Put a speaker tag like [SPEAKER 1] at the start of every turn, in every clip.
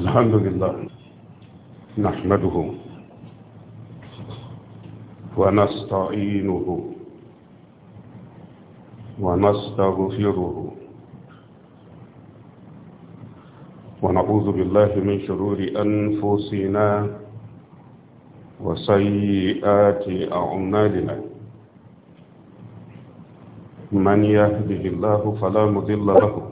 [SPEAKER 1] الحمد لله نحمده ونستعينه ونستغفره ونعوذ بالله من شرور أنفسنا وسيئات أعمالنا من يهده الله فلا مضل له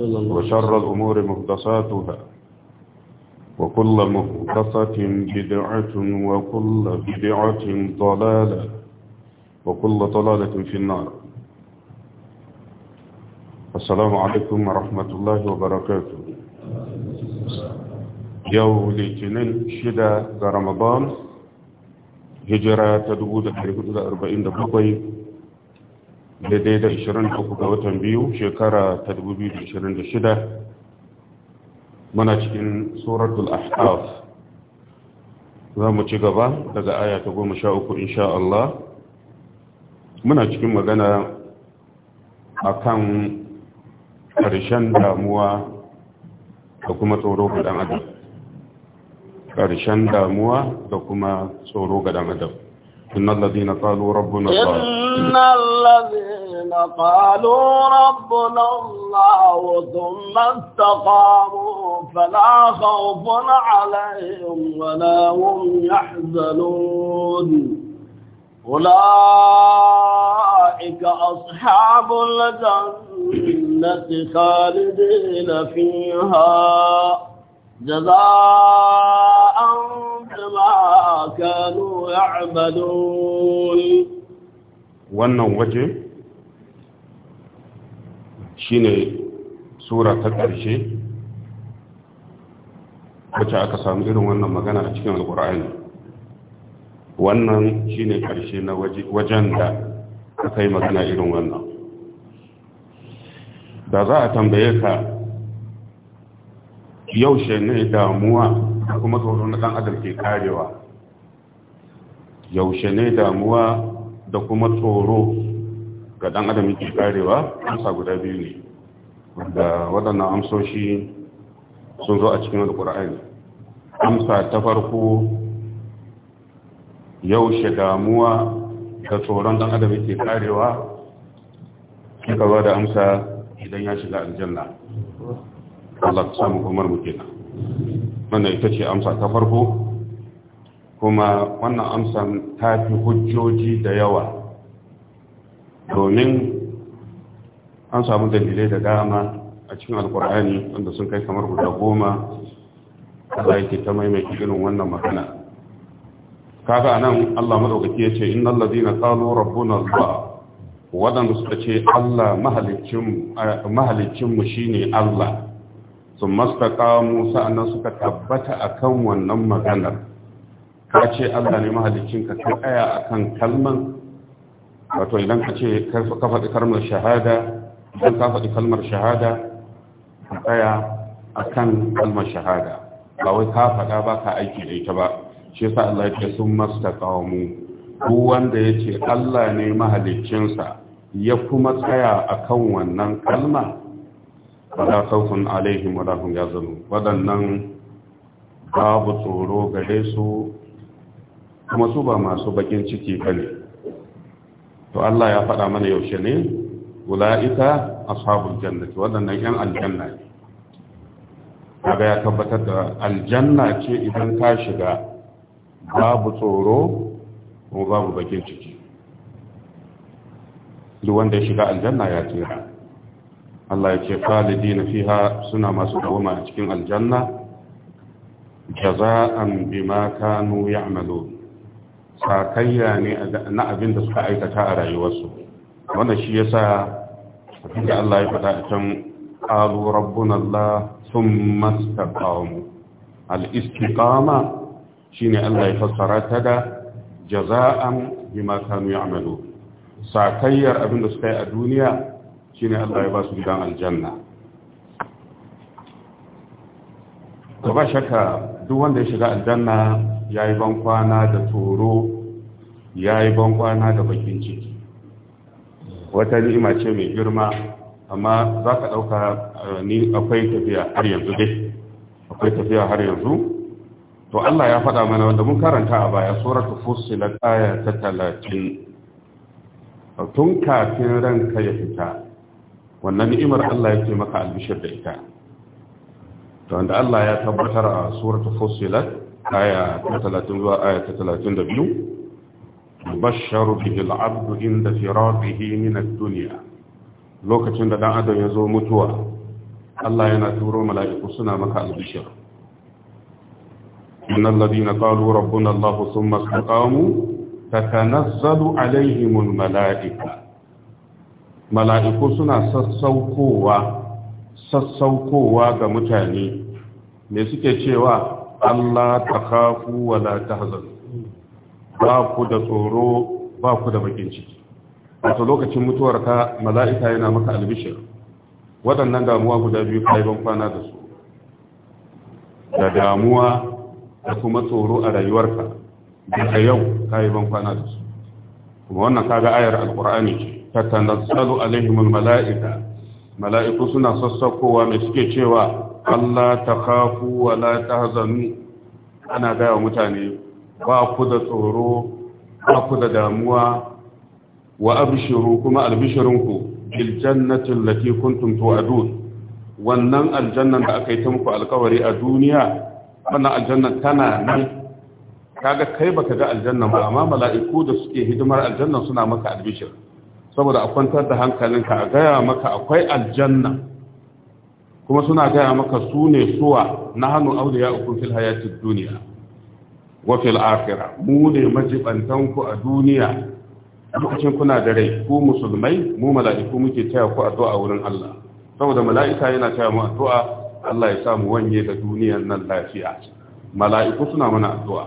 [SPEAKER 1] صلى الله وشر الأمور مهدساتها وكل مهدسة بدعة وكل بدعة ضلالة وكل ضلالة في النار السلام عليكم ورحمة الله وبركاته يوم الاثنين شدة رمضان هجرة تدبود الحريقة أربعين دقيقة daidai da 23 ga watan biyu shekara ta 2026 muna cikin suratul ahqaf za mu ci gaba daga aya ta 13 insha Allah muna cikin magana akan ƙarshen damuwa da kuma tsoro ga dan adam ƙarshen damuwa da kuma tsoro ga dan adam إن الذين قالوا ربنا الله إن
[SPEAKER 2] الذين قالوا ربنا الله ثم استقاموا فلا خوف عليهم ولا هم يحزنون أولئك أصحاب الجنة خالدين فيها جزاء بما كانوا يعملون
[SPEAKER 1] wannan waje shine sura ta ƙarshe wacce aka samu irin wannan magana a cikin alƙur'ani wannan shine ƙarshe na wajen da aka yi magana irin wannan da za a tambaye ka yaushe ne damuwa da kuma tsoro na dan adam ke karewa yaushe ne damuwa da kuma tsoro ga dan adam ke karewa amsa guda biyu ne da waɗannan amsoshi sun zo a cikin alƙur'ani amsa ta farko yaushe damuwa da tsoron dan adam ke karewa kika ba da amsa idan ya shiga aljanna Allah ta samu umar mu nan. wannan ita ce amsa ta farko kuma wannan amsa ta fi hujjoji da yawa domin an samu dalilai da dama a cikin alkur'ani wanda sun kai kamar guda goma za yake ta maimaki irin wannan magana kaga anan Allah madaukaki yace innal ladina qalu rabbuna Allah Waɗanda suka ce Allah mahalicin mahalicin mu shine Allah sun Musa sa'annan suka tabbata akan wannan maganar ka ce Allah ne mahalicinka ka kai tsaya akan kalman wato idan ka ce ka faɗi kalmar shahada idan ka faɗi kalmar shahada ka tsaya akan kalmar shahada ba wai ka faɗa ba ka aiki da ita ba shi yasa Allah ya ce sun mastaqamu duk wanda ce Allah ne mahalicinsa ya kuma tsaya akan wannan kalma wala khawfun alaihim wala hum yazalun wadannan babu tsoro gare su kuma su ba masu bakin ciki bane to Allah ya faɗa mana yaushe ne ulaika ashabul jannati wadannan yan aljanna ne kaga ya tabbatar da aljanna ce idan ka shiga babu tsoro kuma babu bakin ciki duk wanda ya shiga aljanna ya tsira Allah ya ce fi ha suna masu dawama a cikin aljanna an bima kanu ya'malu sakayya ne na abin da suka aikata a rayuwarsu wannan shi yasa abinda Allah ya faɗa a can qalu rabbuna Allah thumma istaqamu al shi shine Allah ya fassara ta da jaza'an bima kanu ya'malu sakayyar abin da suka yi a duniya shine Allah ya ba su gidan aljanna Ta ba shaka duk wanda ya shiga aljanna ya ban kwana da tsoro yayi ban kwana da bakin ciki wata ni'ima ce mai girma amma za ka ɗauka eh, ni akwai tafiya har yanzu dai akwai tafiya har yanzu to Allah ya faɗa mana wanda mun karanta a baya ta fussilat aya ta talatin. tun kafin ranka ya fita wannan ni'imar Allah yake maka albishir da ita to wanda Allah ya tabbatar a suratul fusilat aya ta 30 zuwa aya ta 32 basharu bihi al inda firadihi min ad-dunya lokacin da dan adam ya zo mutuwa Allah yana turo mala'iku suna maka albishir innal ladina qalu rabbuna Allah thumma istaqamu tatanazzalu alaihimul mala'ikatu mala'iku suna sassaukowa sassaukowa ga mutane me suke cewa Allah ta kafu wala ta ba ku da tsoro ba ku da bakin ciki Wata lokacin mutuwar ka mala'ika yana maka albishir waɗannan damuwa guda biyu ban kwana da su da damuwa da kuma tsoro a rayuwarka daga yau ban kwana da su kuma wannan kaga ayar alkur'ani ce tatanazzalu alaihimul mala'ika mala'iku suna sassakowa mai suke cewa Allah ta kafu wa la tahzanu ana gaya mutane ba ku da tsoro ba ku da damuwa wa abshiru kuma albishirinku bil jannati kuntum tu'adun wannan aljannan da aka yi ta muku alkawari a duniya wannan aljannan tana nan kaga kai baka ga aljannan ba amma mala'iku da suke hidimar aljannan suna maka albishir saboda a kwantar da hankalinka a gaya maka akwai aljanna kuma suna gaya maka su ne suwa na hannu ya ukun fil duniya wa fil mu ne majibantanku a duniya lokacin kuna da rai ku musulmai mu mala'iku muke taya ku addu'a wurin Allah saboda mala'ika yana taya mu addu'a Allah ya sa mu wanye da duniyar nan lafiya mala'iku suna mana addu'a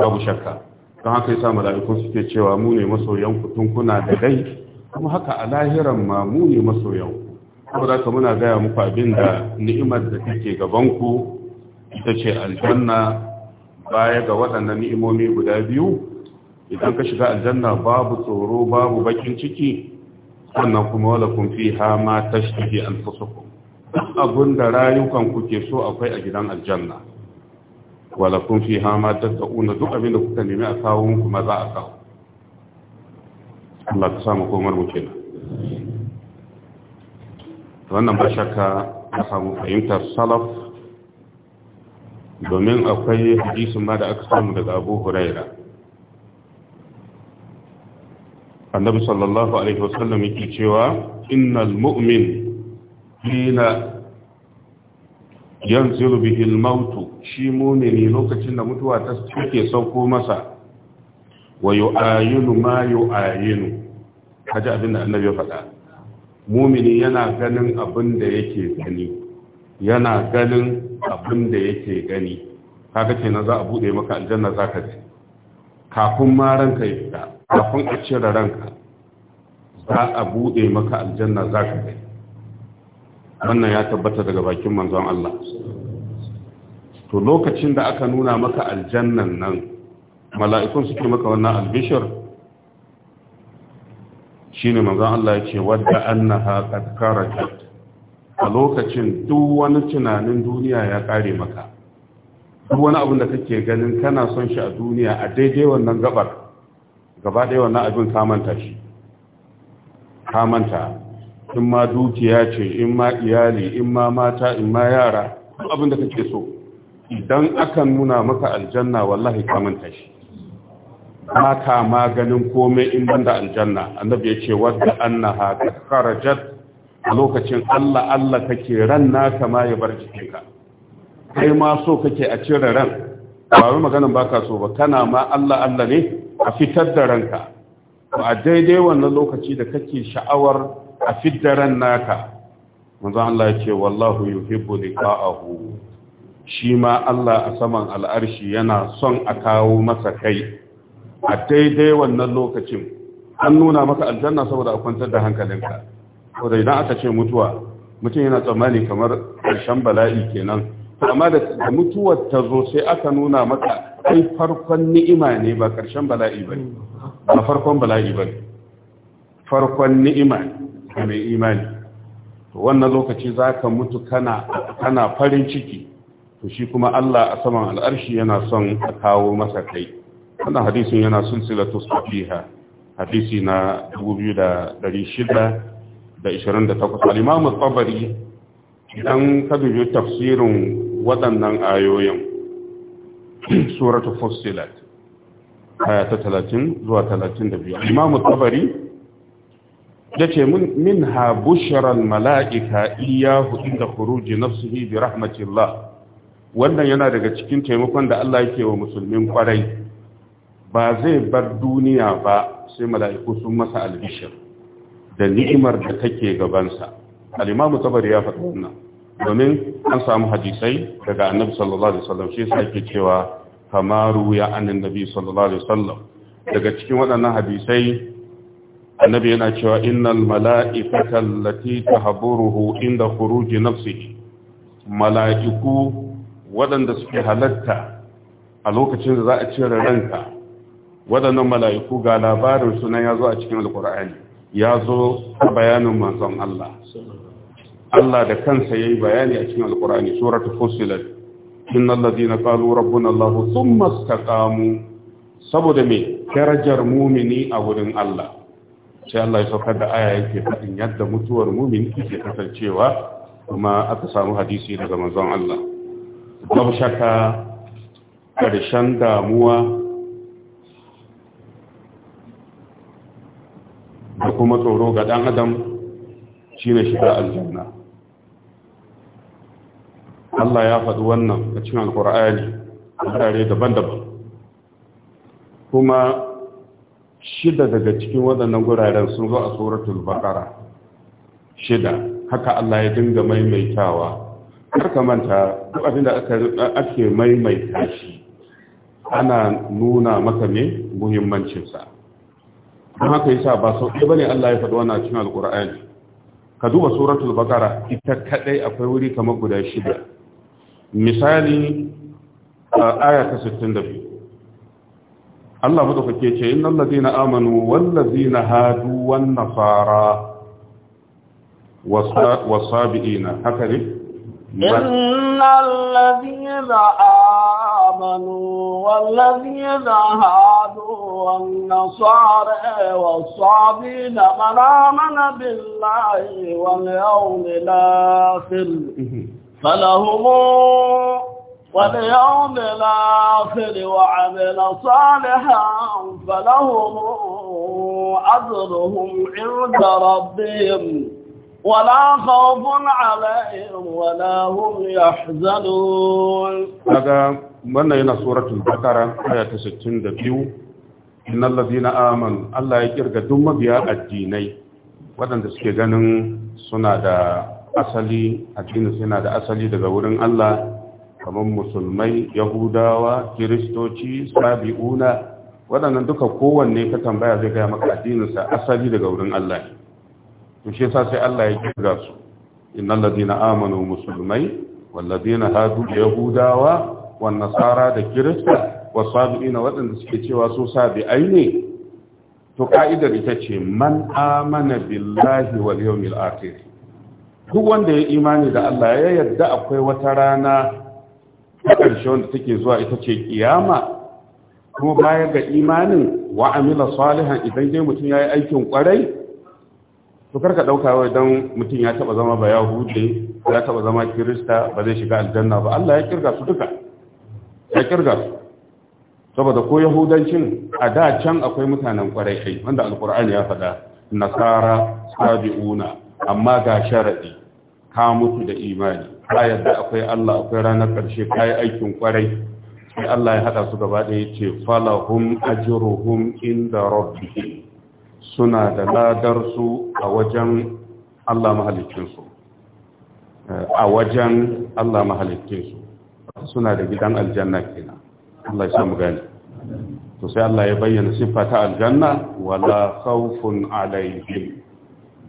[SPEAKER 1] babu shakka don haka yasa mala'ikun suke cewa mu ne masoyan ku tun kuna da dai kuma haka a lahiran ma mu ne masoyan ku za ka muna gaya muku abin da ni'imar da take gaban ku ita ce aljanna baya ga waɗannan ni'imomi guda biyu idan ka shiga aljanna babu tsoro babu bakin ciki sannan kuma wala kun ha ma tashtahi anfusukum abun da rayukan ku ke so akwai a gidan aljanna kun fi hama tattauna duk abin da kuka nemi a kawo muku ma za a kawo Allah ka samu komar mu kenan wannan ba shakka a samu fahimtar salaf
[SPEAKER 2] domin akwai hadisin
[SPEAKER 1] ma da aka samu daga abu huraira annabi sallallahu alaihi wasallam yake cewa innal mu'min hina yanzilu bihil mautu shi ne lokacin da mutuwa ta take sauko masa wa yu'ayinu ma yu'ayinu kaji abinda annabi ya faɗa mumini yana ganin abin da yake gani yana ganin abin da yake gani kaga kenan za a bude maka aljanna zaka ji kafin ma ranka ya fita kafin a cire ranka za a bude maka aljanna zaka ji wannan ya tabbata daga bakin manzon Allah to lokacin da aka nuna maka aljannan nan mala'ikun suke maka wannan albishir shine manzon Allah ya ce wadda annaha qad karajat a lokacin duk wani tunanin duniya ya kare maka duk wani abin da kake ganin kana son shi a duniya a daidai wannan gabar gaba ɗaya wannan abin manta shi kamanta in ma dukiya ce in ma iyali in ma mata in ma yara abin da kake so idan akan nuna maka aljanna wallahi ka manta shi ma maganin komai in banda aljanna annabi ya ce wadda annaha kharajat a lokacin Allah Allah kake ran na ma ya bar ka kai ma so kake a cire ran ba wani maganin baka so ba kana ma Allah Allah ne a fitar da ranka a daidai wannan lokaci da kake sha'awar a fitaran naka manzo Allah ya ce wallahu yuhibbu liqa'ahu shi ma Allah a saman al'arshi yana son a kawo masa kai a daidai wannan lokacin an nuna maka aljanna saboda a kwantar da hankalinka saboda idan aka ce mutuwa mutum yana tsammani kamar ƙarshen bala'i kenan amma da mutuwar ta zo sai aka nuna maka kai farkon ni'ima ne ba ƙarshen bala'i ba ne ba farkon bala'i ba ne farkon ni'ima ka mai imani to wannan lokaci za ka mutu kana farin ciki to shi kuma Allah a saman al'arshi yana son a kawo masa kai wannan hadisun yana silsilatu sahiha hadisi na 2628 al’imamu tsabari idan ka dubi tafsirin waɗannan ayoyin suratul fussilat aya ta 30 zuwa 32 da biyu. al-Tabari ce min ha bushran mala'ika iyahu inda Kuruji nafsihi bi rahmatillah wannan yana daga cikin taimakon da Allah yake wa musulmin kwarai ba zai bar duniya ba sai mala'iku sun masa albishir da ni'imar da take gabansa Alimamu imamu ya faɗi wannan domin an samu hadisai daga annabi sallallahu alaihi wasallam shi yake cewa kamaru ya annabi sallallahu alaihi wasallam daga cikin waɗannan hadisai annabi yana cewa innal mala'ikata allati tahburuhu inda khuruji nafsihi mala'iku waɗanda suke halatta a lokacin da za a cire ranka waɗannan mala'iku ga labarin sunan ya zo a cikin alkur'ani ya zo a bayanin manzon Allah Allah da kansa ya yi bayani a cikin alkur'ani suratul fusilat innal ladina qalu rabbuna Allah thumma istaqamu saboda me darajar mumini a wurin Allah sai Allah ya saukar da aya yake faɗin yadda mutuwar mumin ke kasancewa kuma aka samu hadisi daga manzon Allah babu shakka ƙarshen damuwa da kuma tsoro ga ɗan adam shine shiga aljanna Allah ya faɗi wannan a cikin alƙur'ani a daban-daban kuma shida daga cikin waɗannan guraren sun zo a suratul baqara shida haka Allah ya dinga maimaitawa kar ka manta duk abin da aka ake maimaita shi ana nuna maka ne muhimmancinsa don haka yasa ba sau ɗaya bane Allah ya faɗi wannan cikin alƙur'ani ka duba suratul baqara ita kadai akwai wuri kamar guda shida misali aya ta 62 Allah madaukake ce innal ladina amanu wal ladina hadu wan nasara wasabiina haka ne
[SPEAKER 2] innal ladina amanu wal ladina hadu wan nasara wasabiina man amana billahi wal yawmil akhir falahum واليوم الآخر وعمل صالحا فلهم أجرهم عند ربهم ولا خوف عليهم ولا هم يحزنون
[SPEAKER 1] هذا من هنا سورة البقرة آية 62 إن الذين آمنوا الله يكرك دم بها الديني وأن تسكي ganin suna da asali addinin suna da asali daga wurin Allah kamar musulmai yahudawa kiristoci sabi'una waɗannan duka kowanne ka tambaya zai gaya maka addininsa asali daga wurin Allah to shi yasa sai Allah ya kira su innal ladina amanu musulmai wal ladina hadu yahudawa wan nasara da kirista wasabiina waɗanda suke cewa su sabi'ai ne to ka'idar ita ce man amana billahi wal yawmil akhir duk wanda ya imani da Allah ya yarda akwai wata rana ta ƙarshe wanda take zuwa ita ce kiyama kuma baya ga imanin wa amila salihan idan dai mutum ya yi aikin ƙwarai, to karka ɗauka wai don mutum ya taɓa zama ba yahudi ya taɓa zama kirista ba zai shiga aljanna ba allah ya kirga su duka ya kirga su saboda ko yahudancin a da can akwai mutanen ƙwarai kai wanda alkur'ani ya faɗa nasara sabi'una amma ga sharadi ka mutu da imani ka yadda akwai Allah akwai ranar ƙarshe ka yi aikin ƙwarai sai Allah ya haɗa su gaba ɗaya ce falahum ajruhum inda rabbihim suna da ladar su a wajen Allah mahalicin a wajen Allah mahalicin suna da gidan aljanna kenan Allah ya samu gani to sai Allah ya bayyana siffa ta aljanna wala khawfun alaihim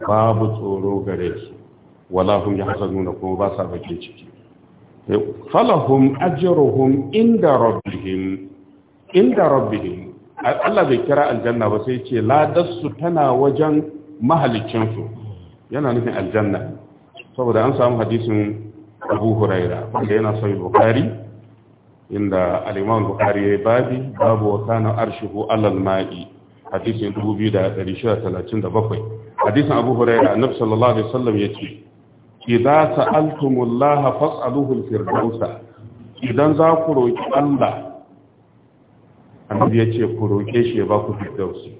[SPEAKER 1] babu tsoro gare su wala hum yahzanuna ko ba sa bakin ciki falahum ajruhum inda rabbihim inda rabbihim Allah bai kira aljanna ba sai ce ladassu tana wajen su yana nufin aljanna saboda an samu hadisin abu huraira wanda yana sahih Bukhari inda al-Imam Bukhari ya babi babu wa kana arshuhu alal ma'i hadisin 2637 hadisin abu huraira annabi sallallahu alaihi wasallam ya idza sa'altumullaha fas'aluhu al-firdausa idan za ku roki Allah annabi ya ce ku roke shi ya ba ku firdausi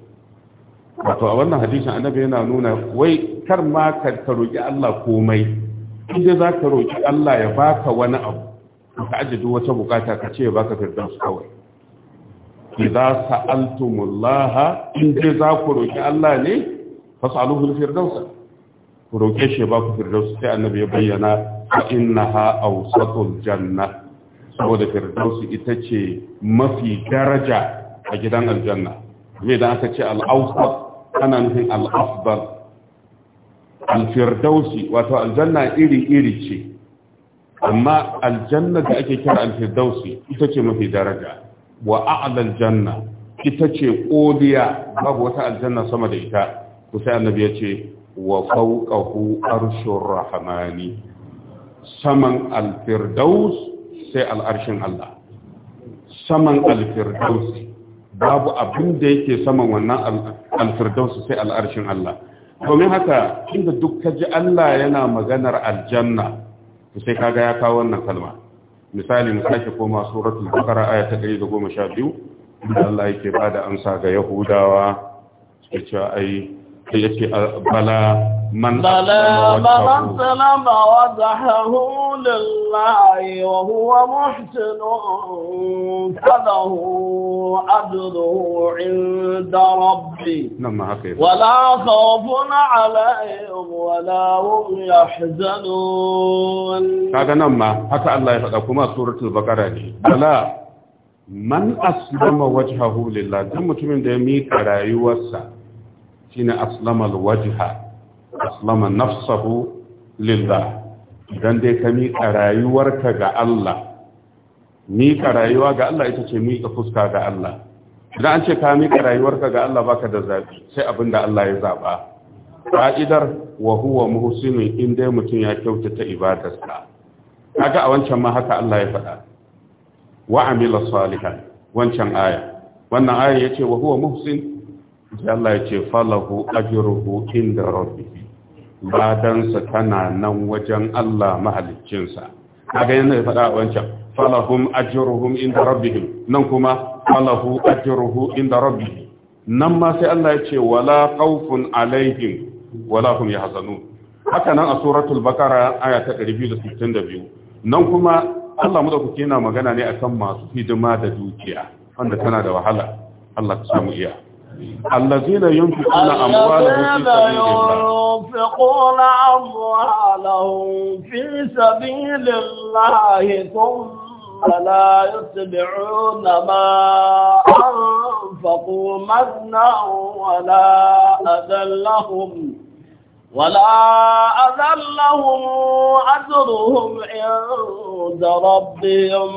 [SPEAKER 1] wato a wannan hadisin annabi yana nuna wai kar ma ka roki Allah komai inda za ka roki Allah ya baka wani abu ka ajiye wata bukata ka ce ya baka firdausi kawai idza sa'altumullaha in dai za ku roki Allah ne fas'aluhu al-firdausa ku roƙe shi ba ku firdaus sai annabi ya bayyana fa innaha awsatul janna saboda firdaus ita ce mafi daraja a gidan aljanna me da aka ce al-awsat ana nufin al-afdal al-firdausi wato aljanna iri iri ce amma aljanna da ake kira al-firdausi ita ce mafi daraja wa a'la janna ita ce kodiya babu wata aljanna sama da ita ku sai annabi ya ce wa fawqahu arshur rahmani saman al-firdaus sai al'arshin Allah saman al-firdaus babu abin da yake saman wannan al-firdaus sai al'arshin Allah domin haka inda duk kaji Allah yana maganar aljanna sai kaga ya kawo wannan kalma misali mu sake koma suratul goma aya ta 112 Allah yake bada amsa ga yahudawa suke cewa ai sai ya bala man salama
[SPEAKER 2] wa zahahu lillahi wa huwa ajruhu inda rabbi wa la khawfun alaihim wa la hum yahzanun
[SPEAKER 1] kaga nan ma haka Allah ya faɗa kuma suratul baqara ne bala man aslama wajhahu dan mutumin da ya mika rayuwarsa shine aslama alwajha aslama nafsahu lillah idan dai ka miƙa rayuwarka ga Allah miƙa rayuwa ga Allah ita ce miƙa fuska ga Allah idan an ce ka miƙa rayuwarka ga Allah baka da zaɓi sai abin da Allah ya zaɓa ƙa'idar wa huwa muhsinin in dai mutum ya kyautata ibadarsa kaga a wancan ma haka Allah ya faɗa wa amila salihan wancan aya wannan aya yace wa huwa muhsin Allah ce falahu ajruhu inda rabbih sa tana nan wajen Allah sa kaga yana da faɗa wancan falahum ajruhum inda rabbihim nan kuma falahu ajruhu inda rabbih nan ma sai Allah ya ce wala khawfun alaihim wala hum yahzanun haka nan a suratul baqara aya ta 262 nan kuma Allah ke yana magana ne akan masu hidima da dukiya wanda tana da wahala Allah ta samu iya الذين ينفقون
[SPEAKER 2] أموالهم في سبيل الله ثم لا يتبعون ما أنفقوا منا ولا أذى ولا أذلهم أجرهم عند ربهم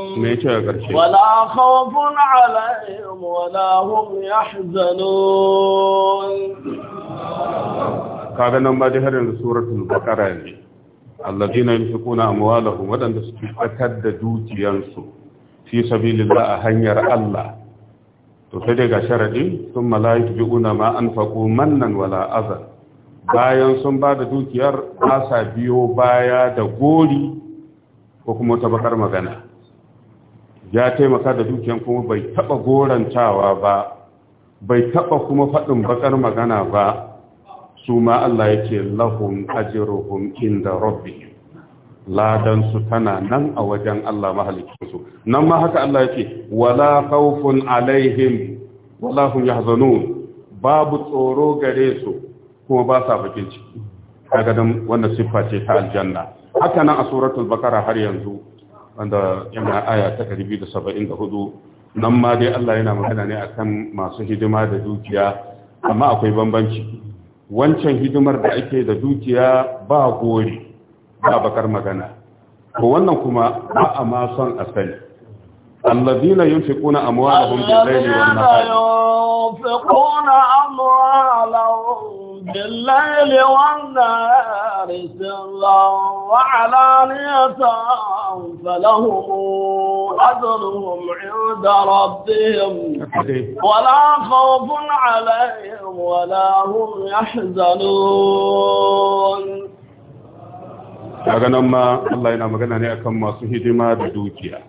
[SPEAKER 2] ولا خوف عليهم ولا هم يحزنون
[SPEAKER 1] kaga nan ba dai har yanzu suratul baqara ne allazina yunfiquna amwalahum wadanda suke fatar da dukiyansu fi sabilillah a hanyar Allah to sai dai ga sharadi sun malaiku bi'una ma anfaqu mannan wala azan bayan sun ba da dukiyar ba biyu biyo baya da gori ko kuma ta bakar magana ya taimaka da dukiyar kuma bai taba gorantawa ba bai taba kuma faɗin bakar magana ba su ma Allah yake lahum ajruhum inda rabbihim ladan su tana nan a wajen Allah mahalikinsu nan ma haka Allah ce wala khawfun alaihim wala hum yahzanun babu tsoro gare su kuma ba sa bakin ciki a dan wannan siffa ce ta aljanna haka nan a suratul bakara har yanzu wanda yana aya ta 274 nan ma dai Allah yana magana ne akan masu hidima da dukiya amma akwai bambanci wancan hidimar da ake da dukiya ba gori ba bakar magana ko wannan kuma ba a ma son a sani alladina yunfiquna amwalahum bil layli
[SPEAKER 2] الليل والنهار سرا وعلانيه فلهم اجرهم عند ربهم ولا خوف عليهم ولا هم يحزنون
[SPEAKER 1] أنا أغنم الله ينام غناني أكم ماسو هدما دوجيا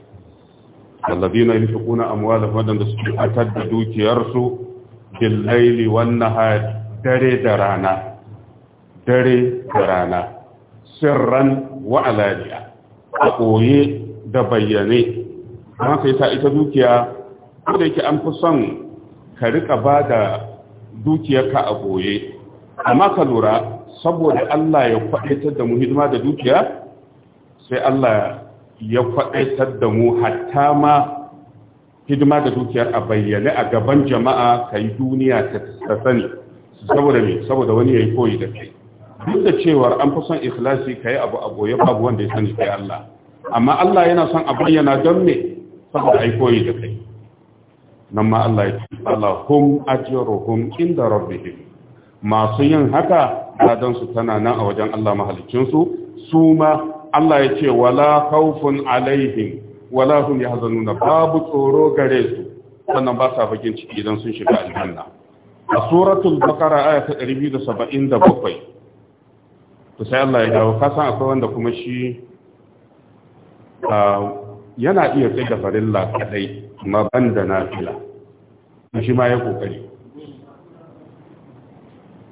[SPEAKER 1] الذين ينفقون أموالهم ودن دسكي أتد دوجيا رسو بالليل والنهار تري درانا dare da rana sirran wa alaniya a koye da bayyane don sai sa ita dukiya ko da yake an fi son ka rika ba da dukiyarka a koye amma ka lura saboda Allah ya kwaɗaitar da mu hidima da dukiya sai Allah ya kwaɗaitar da mu hatta ma hidima da dukiyar a bayyane a gaban jama'a ka yi duniya ta sani saboda me saboda wani ya yi koyi da kai duk da cewar an fi son ikhlasi ka yi abu abu ya babu wanda ya sani kai Allah amma Allah yana son a bayyana don me saboda ai koyi da kai nan ma Allah ya ce Allah hum ajruhum inda rabbihim masu yin haka ladan su tana nan a wajen Allah mahalicin su su ma Allah ya ce wala khawfun alaihim wala hum yahzanuna babu tsoro gare su sannan ba sa bakin ciki idan sun shiga aljanna a suratul baqara aya 277 to sai Allah ya dawo ka san akwai wanda kuma shi ah, yana iya tsaye da farilla kadai amma ban da shi ma ya kokari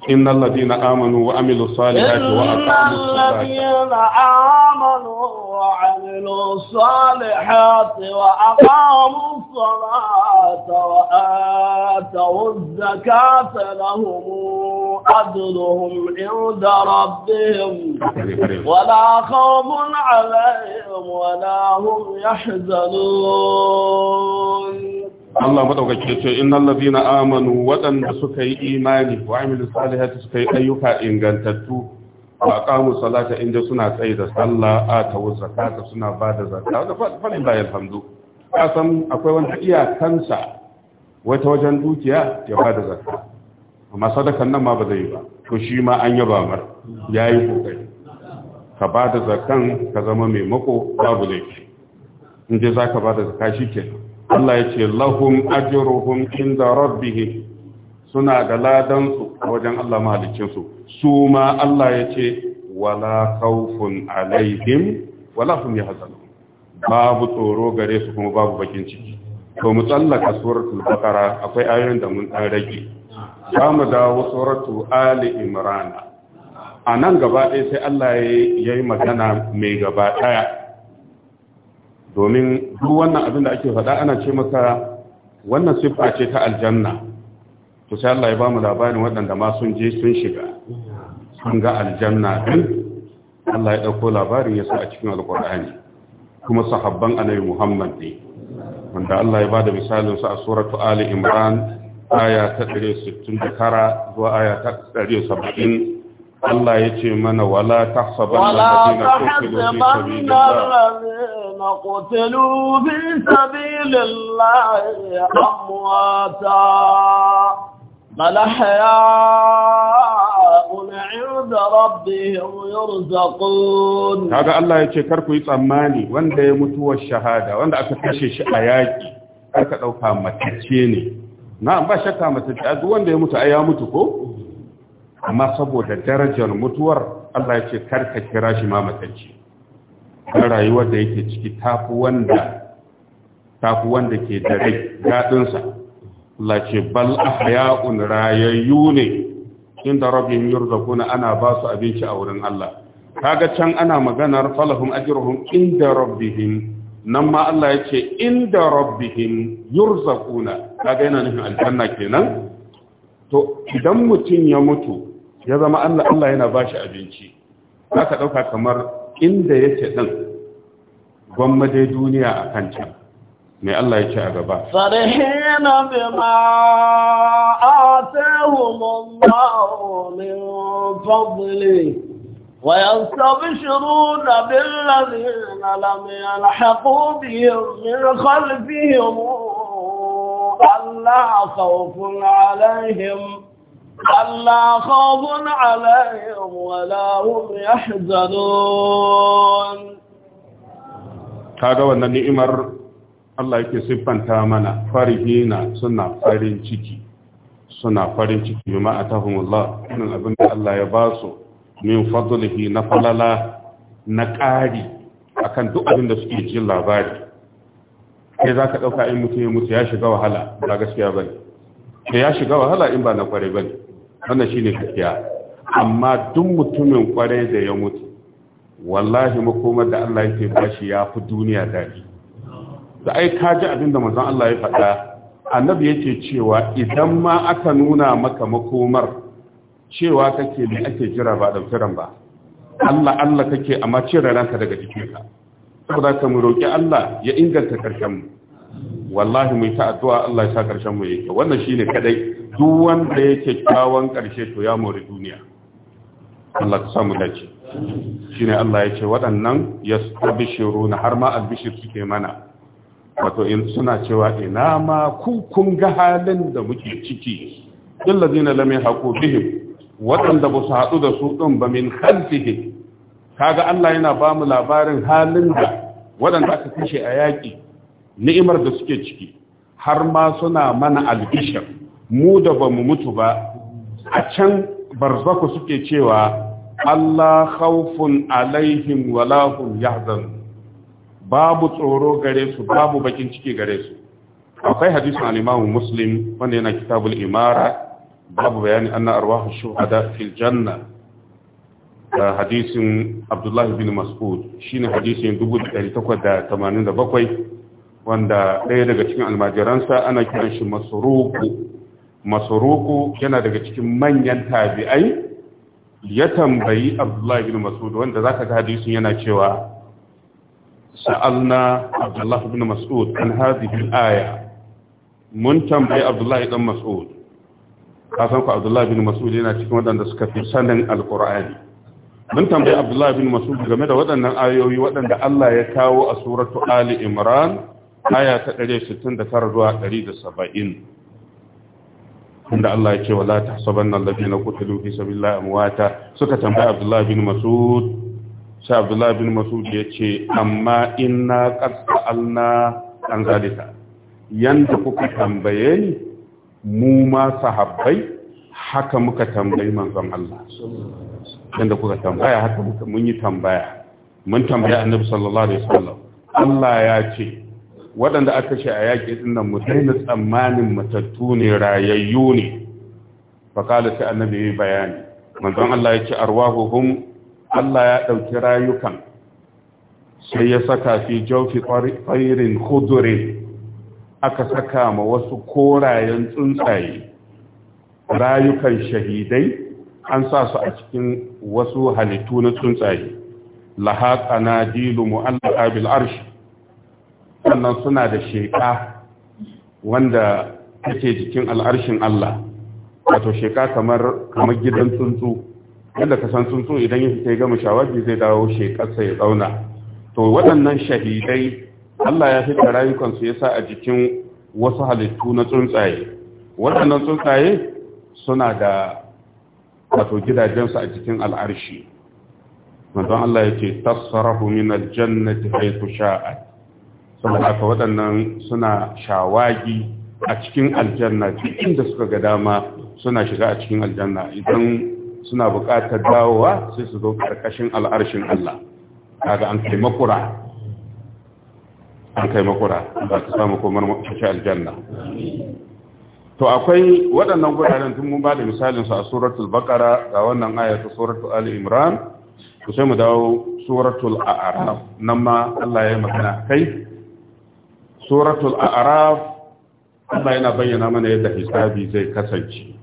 [SPEAKER 1] إن الذين آمنوا وعملوا الصالحات وأقاموا الصلاة
[SPEAKER 2] وعملوا الصالحات وأقاموا الصلاة وآتوا الزكاة لهم أجرهم عند ربهم ولا خوف عليهم ولا هم يحزنون
[SPEAKER 1] الله متوكلت ان الذين امنوا وان سكي ايماني وعملوا الصالحات سكي ايها إن انغنتتو wa qamu salata inda suna tsaye da sallah atawu zakata suna bada zakata da falin alhamdu. hamdu kasan akwai wanda kansa wata wajen dukiya ya bada zakka. amma sadakan nan ma ba zai yi ba to shi ma an yaba mar yayi kokari ka bada zakkan ka zama mai mako babu laifi inda je zaka bada zakka shikenan Allah ya ce lahum ajruhum inda rabbihim suna da ladansu a wajen Allah mahalicinsu su ma Allah ya ce wala kaufun alaihim wala yi yahzanun babu tsoro gare su kuma babu bakin ciki to mu tsallaka suratul bakara akwai ayoyin da mun dan rage za mu dawo suratu ali imran a nan gaba ɗaya sai Allah ya yi magana mai gaba ɗaya domin duk wannan abin da ake faɗa ana ce maka wannan siffa ce ta aljanna Kusa sai Allah ya ba mu labarin waɗanda ma sun je sun shiga sun ga aljanna ɗin. Allah ya ɗauko labarin ya sa a cikin alƙur'ani kuma sahabban annabi Muhammad ne wanda Allah ya ba da misalin su a suratu Ali Imran aya ta 169 zuwa aya ta 170 Allah ya ce mana wala ta na tahsaban alladhina
[SPEAKER 2] qutilu fi sabilillahi amwata بل عند ربهم يرزقون
[SPEAKER 1] هذا الله يتي كركو يتأماني وان دي متوى الشهادة وان دي دا شعياتي أياكي لو كان كامتشيني نعم با شكا متشهد وان دا يمتو أيامتكو أما صبو دا درجة المتور الله يتي كركا ما متشي rayuwar da تشكي تاقوان دا تاقوان tafi كي ke da rai Allah ce bal ahya'un rayayyu ne inda rabbihim kuna ana ba su abinci a wurin Allah kaga can ana maganar falahum ajruhum inda rabbihim nan ma Allah ya ce inda rabbihim yurzaquna kaga yana nufin aljanna kenan to idan mutum ya mutu ya zama Allah Allah yana ba shi abinci zaka ɗauka kamar inda yake ɗan gwamma dai duniya kan can من الله يجعل بعض فرحين
[SPEAKER 2] بما آتهم الله من فضله ويستبشرون بالذين لم يلحقوا بهم من خلفهم ألا خوف عليهم ألا خوف عليهم ولا هم يحزنون
[SPEAKER 1] هذا هو Allah yake siffanta mana farihina suna farin ciki suna farin ciki bi ma'atahumullah nan abin da Allah ya ba su min fadlihi na falala na ƙari akan duk abin da suke jin labari sai za ka ɗauka in mutu ya mutu ya shiga wahala ba gaskiya ba ne ya shiga wahala in ba na kware ba ne wannan shi ne gaskiya amma duk mutumin kware da ya mutu wallahi makomar da Allah yake bashi ya fi duniya daɗi da ai ka ji abin da manzon Allah ya faɗa annabi yake cewa idan ma aka nuna maka makomar cewa kake ne ake jira ba dauke ran ba Allah Allah kake amma cire ranka daga jikinka saboda ka mu roki Allah ya inganta karshen mu wallahi mu ta addu'a Allah ya sa karshen mu yake wannan shine kadai duk wanda yake kawon karshe to ya more duniya Allah ka samu dace shine Allah ya ce waɗannan yastabishiruna har ma albishir suke mana wato suna cewa ina ma ku kun ga halin da muke ciki illazina lam yahqu bihim waɗanda ba su haɗu da su ɗin ba min khalfihi kaga Allah yana ba mu labarin halin da waɗanda aka kashe a yaƙi ni'imar da suke ciki har ma suna mana albishir mu da ba mu mutu ba a can barzaku suke cewa Allah khawfun alaihim wala hum yahzanun babu tsoro gare su babu bakin ciki gare su akwai hadisin na imam Muslim wanda yana kitabul Imara babu bayani anna arwahu shuhada fil janna hadisin Abdullah bin Mas'ud shine hadisin 1887 wanda ɗaya daga cikin almajiransa ana kiran shi Masruku Masruku yana daga cikin manyan tabi'ai ya tambayi Abdullahi bin Mas'ud wanda zaka ga hadisin yana cewa sa'alna Abdullah ibn Mas'ud an hadhihi al-aya mun tambayi Abdullah ibn Mas'ud ka san ku Abdullah ibn Mas'ud yana cikin waɗanda suka fi sanin al-Qur'ani mun tambayi Abdullah bin Mas'ud game da waɗannan ayoyi waɗanda Allah ya kawo a suratu Ali Imran aya ta 169 zuwa 170 inda Allah ya ce wala tahsabanna alladhina qutilu fi sabilillahi amwata suka tambayi Abdullah ibn Mas'ud sai abdullahi bin masud ya ce amma ina qad al'na an zalika yanda kuka tambaye ni mu ma sahabbai haka muka tambayi manzon Allah yanda kuka tambaya haka muka mun yi tambaya mun tambaya annabi sallallahu alaihi wasallam Allah ya ce waɗanda aka ce a yaƙi dinnan mu daina tsammanin matattu ne rayayyu ne fa qala sai annabi bayani manzon Allah ya ce arwahuhum Allah ya ɗauki rayukan sai ya saka fi jaufi tsairin kudurin aka saka ma wasu korayen tsuntsaye rayukan shahidai an sa su a cikin wasu halittu na tsuntsaye lahaƙa na dilu mu'allaka bil arshi sannan suna da sheƙa wanda take jikin al'arshin Allah wato sheƙa kamar gidan tsuntsu yadda ka san tsuntsu idan ya fita gama shawagi zai dawo shekarsa ya zauna to waɗannan shahidai Allah ya fita rayukansu ya sa a jikin wasu halittu na tsuntsaye waɗannan tsuntsaye suna da wato gidajensu a jikin al'arshi manzon Allah ya ce tasarahu min aljannati haythu sha'a saboda haka waɗannan suna shawagi a cikin aljanna duk da suka ga dama suna shiga a cikin aljanna idan suna buƙatar dawowa sai su zo ƙarƙashin al'arshin Allah kaga an kai makura an kai makura ba su samu komar mace aljanna to akwai waɗannan guraren tun mun ba da misalinsu a suratul bakara ga wannan aya ta suratul ali imran ku sai mu dawo suratul A'araf. nan ma Allah ya yi magana kai suratul A'araf, Allah yana bayyana mana yadda hisabi zai kasance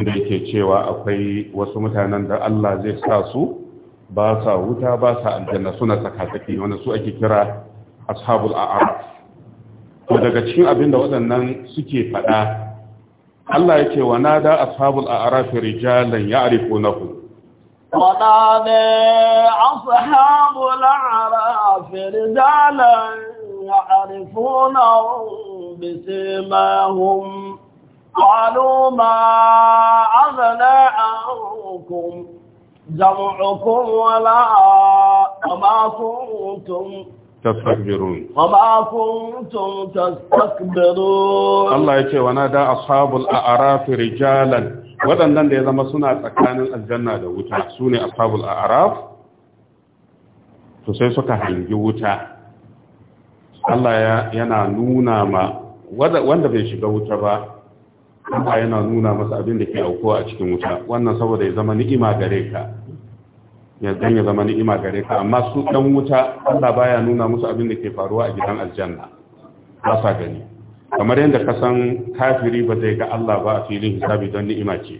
[SPEAKER 1] inda yake cewa akwai wasu mutanen da Allah zai sa su ba sa wuta ba sa aljanna suna tsakatsaki wanda su ake kira ashabul a'raf to daga cikin abin da waɗannan suke faɗa Allah yake wa nada ashabul a'raf rijalan ya'rifunahum
[SPEAKER 2] ونادى أصحاب قالوا ما أغنى عنكم جمعكم ولا وما كنتم
[SPEAKER 1] تستكبرون
[SPEAKER 2] وما كنتم تستكبرون
[SPEAKER 1] الله يتي ونادى أصحاب الأعراف رجالا waɗannan da ya zama suna tsakanin aljanna da wuta su ne ashabul a'raf to sai suka hangi wuta Allah yana nuna ma wanda bai shiga wuta ba Allah yana nuna masa abin da ke aukuwa a cikin wuta wannan saboda ya zama ni'ima gare ka ya zama ni'ima gare ka amma su dan wuta Allah baya nuna musu abin da ke faruwa a gidan aljanna ba sa gani kamar yadda ka san kafiri ba zai ga Allah ba a filin hisabi don ni'ima ce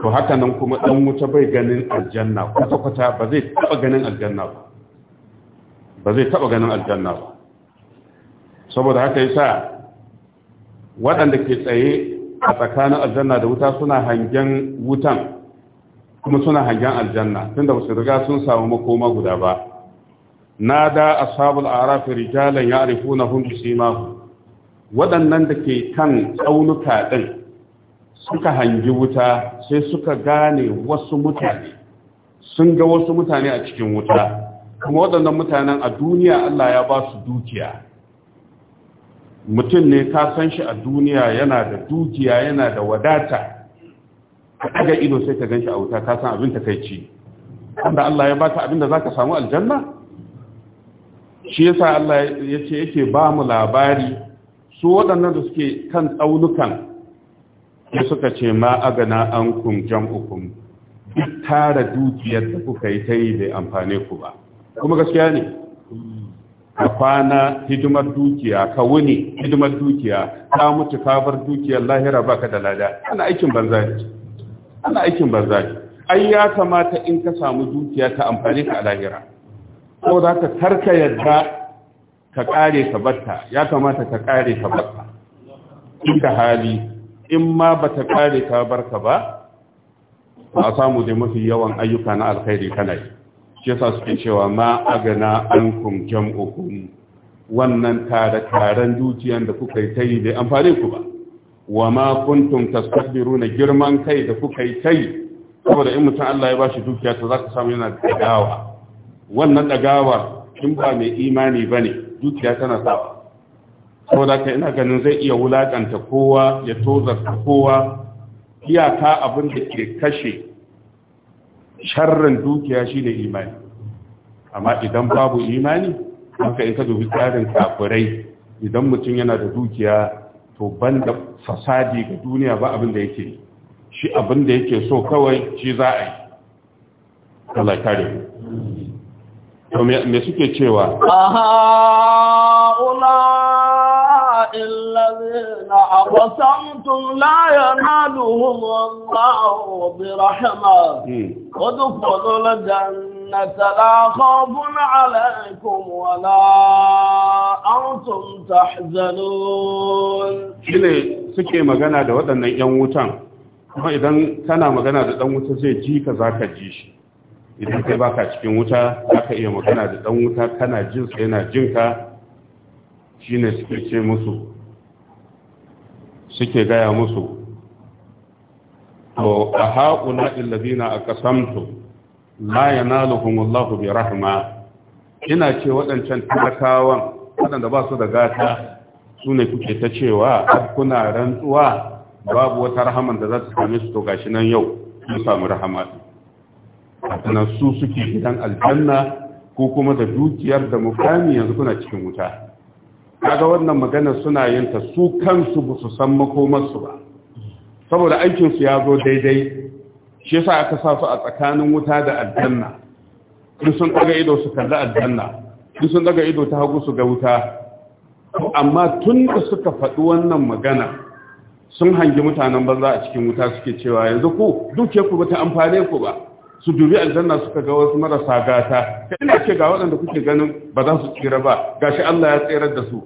[SPEAKER 1] to haka nan kuma dan wuta bai ganin aljanna kwata kwata ba zai taba ganin aljanna ba ba zai taba ganin aljanna ba saboda haka yasa waɗanda ke tsaye a tsakanin aljanna da wuta suna hangen wutan kuma suna hangen aljanna tunda ba su riga sun samu makoma guda ba Na da ashabul araf rijalan ya'rifunahum bi simahum waɗannan da ke kan tsaunuka ɗin suka hangi wuta sai suka gane wasu mutane sun ga wasu mutane a cikin wuta kuma waɗannan mutanen a duniya Allah ya ba su dukiya mutum ne ka san shi a duniya yana da dukiya yana da wadata ka daga ido sai ka gan shi a wuta ka san abin takaici wanda Allah ya ka abin da za ka samu aljanna shi yasa Allah yace yake ba mu labari su waɗannan da suke kan tsaunukan ya suka ce ma agana an kun jam'ukum duk tara dukiyar da kuka yi ta yi bai amfane ku ba kuma gaskiya ne ka kwana hidimar dukiya ka wuni hidimar dukiya ka mutu ka bar dukiyar lahira baka da lada ana aikin banza ana aikin banza ai ya kamata in ka samu dukiya ta amfani ka a lahira ko za ka karka yadda ka kare ka batta ya kamata ka kare ka batta inda hali in ma ba ta kare ka barka ba ba a samu dai mafi yawan ayyuka na alkhairi kana yi shi suke cewa ma agana ankum jam'ukum wannan tare taren dukiyan da kuka yi tayi bai amfane ku ba wa ma kuntum na girman kai da kuka yi tayi saboda in mutum Allah ya bashi dukiya to zaka samu yana dagawa wannan dagawa in ba mai imani bane dukiya tana sawa saboda kai ina ganin zai iya wulakanta kowa ya tozarta kowa iyaka abin da ke kashe sharrin dukiya shi shine imani amma idan babu imani haka in ka dubi tsarin kafirai idan mutum yana da dukiya to ban da fasadi ga duniya ba abin da yake shi abin da yake so kawai shi za a yi kare to me suke cewa
[SPEAKER 2] aha الذين أقسمتم لا ينالهم الله برحمة ادخلوا الجنة لا خوف عليكم ولا أنتم تحزنون
[SPEAKER 1] shine suke magana da waɗannan 'yan wutan kuma idan kana magana da ɗan wuta zai ji ka za ka ji shi idan kai baka cikin wuta zaka iya magana da dan wuta kana jin sa yana jin ka shine suke ce musu suke gaya musu to a haƙuna illazina a ƙasamtu la Allah bi rahma ina ce waɗancan talakawan waɗanda ba su da gata su ne kuke ta cewa kuna rantsuwa babu wata rahaman da za su same su to gashi nan yau sun samu rahama sannan su suke gidan aljanna ko kuma da dukiyar da mukami yanzu kuna cikin wuta kaga wannan magana suna yin ta su kansu ba su san makomarsu ba saboda aikinsu ya zo daidai shi yasa aka sa su a tsakanin wuta da aljanna in sun daga ido su kalli aljanna in sun daga ido ta hagu su ga wuta amma tun da suka faɗi wannan magana sun hangi mutanen banza a cikin wuta suke cewa yanzu ku duke ku bata amfane ku ba su dubi aljanna suka ga wasu marasa gata kai ina ce ga waɗanda kuke ganin ba za su tsira ba gashi Allah ya tsirar da su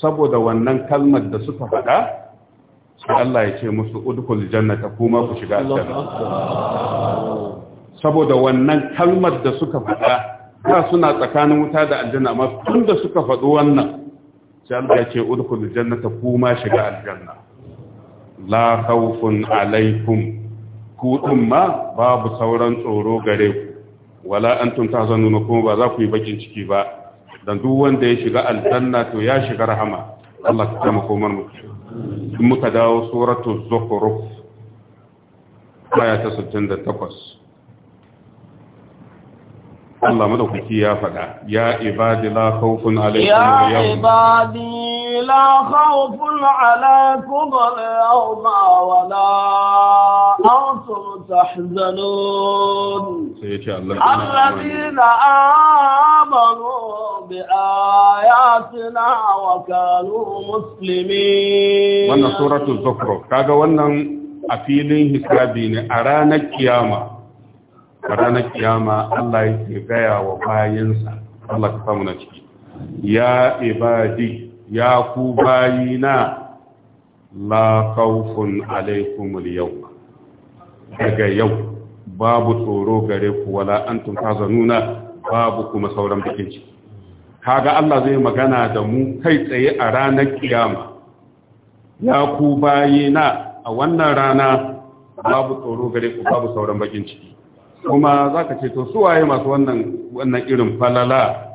[SPEAKER 1] saboda wannan kalmar da suka faɗa sai Allah ya ce musu udkhul jannata kuma ku shiga aljanna saboda wannan kalmar da suka faɗa ba suna tsakanin wuta da aljanna amma tun da suka faɗo wannan sai Allah ya ce udkhul jannata kuma shiga aljanna la khawfun alaikum ku din ma babu sauran tsoro gare ku wala antum na kuma ba za ku yi bakin ciki ba dan duk wanda ya shiga aljanna to ya shiga rahama Allah ka tama komar mu in muka dawo suratul zukhruf aya ta 68 Allah madaukaki ya faɗa ya ibadi la khawfun alaykum ya
[SPEAKER 2] ibadi la khawfun alaykum wa la تحزنون الذين آمنوا بآياتنا وكانوا
[SPEAKER 1] مسلمين wannan suratul zukhruf kaga wannan a filin hisabi ne a ranar kiyama a ranar kiyama Allah yake gaya wa bayinsa Allah ka ya ibadi ya ku bayina la khawfun alaikumul daga yau babu tsoro gare ku wala antum tazanuna babu kuma sauran bikin ciki kaga Allah zai magana da mu kai tsaye a ranar kiyama ya ku bayina a wannan rana babu tsoro gare ku babu sauran bakin ciki kuma zaka ce to waye masu wannan wannan irin falala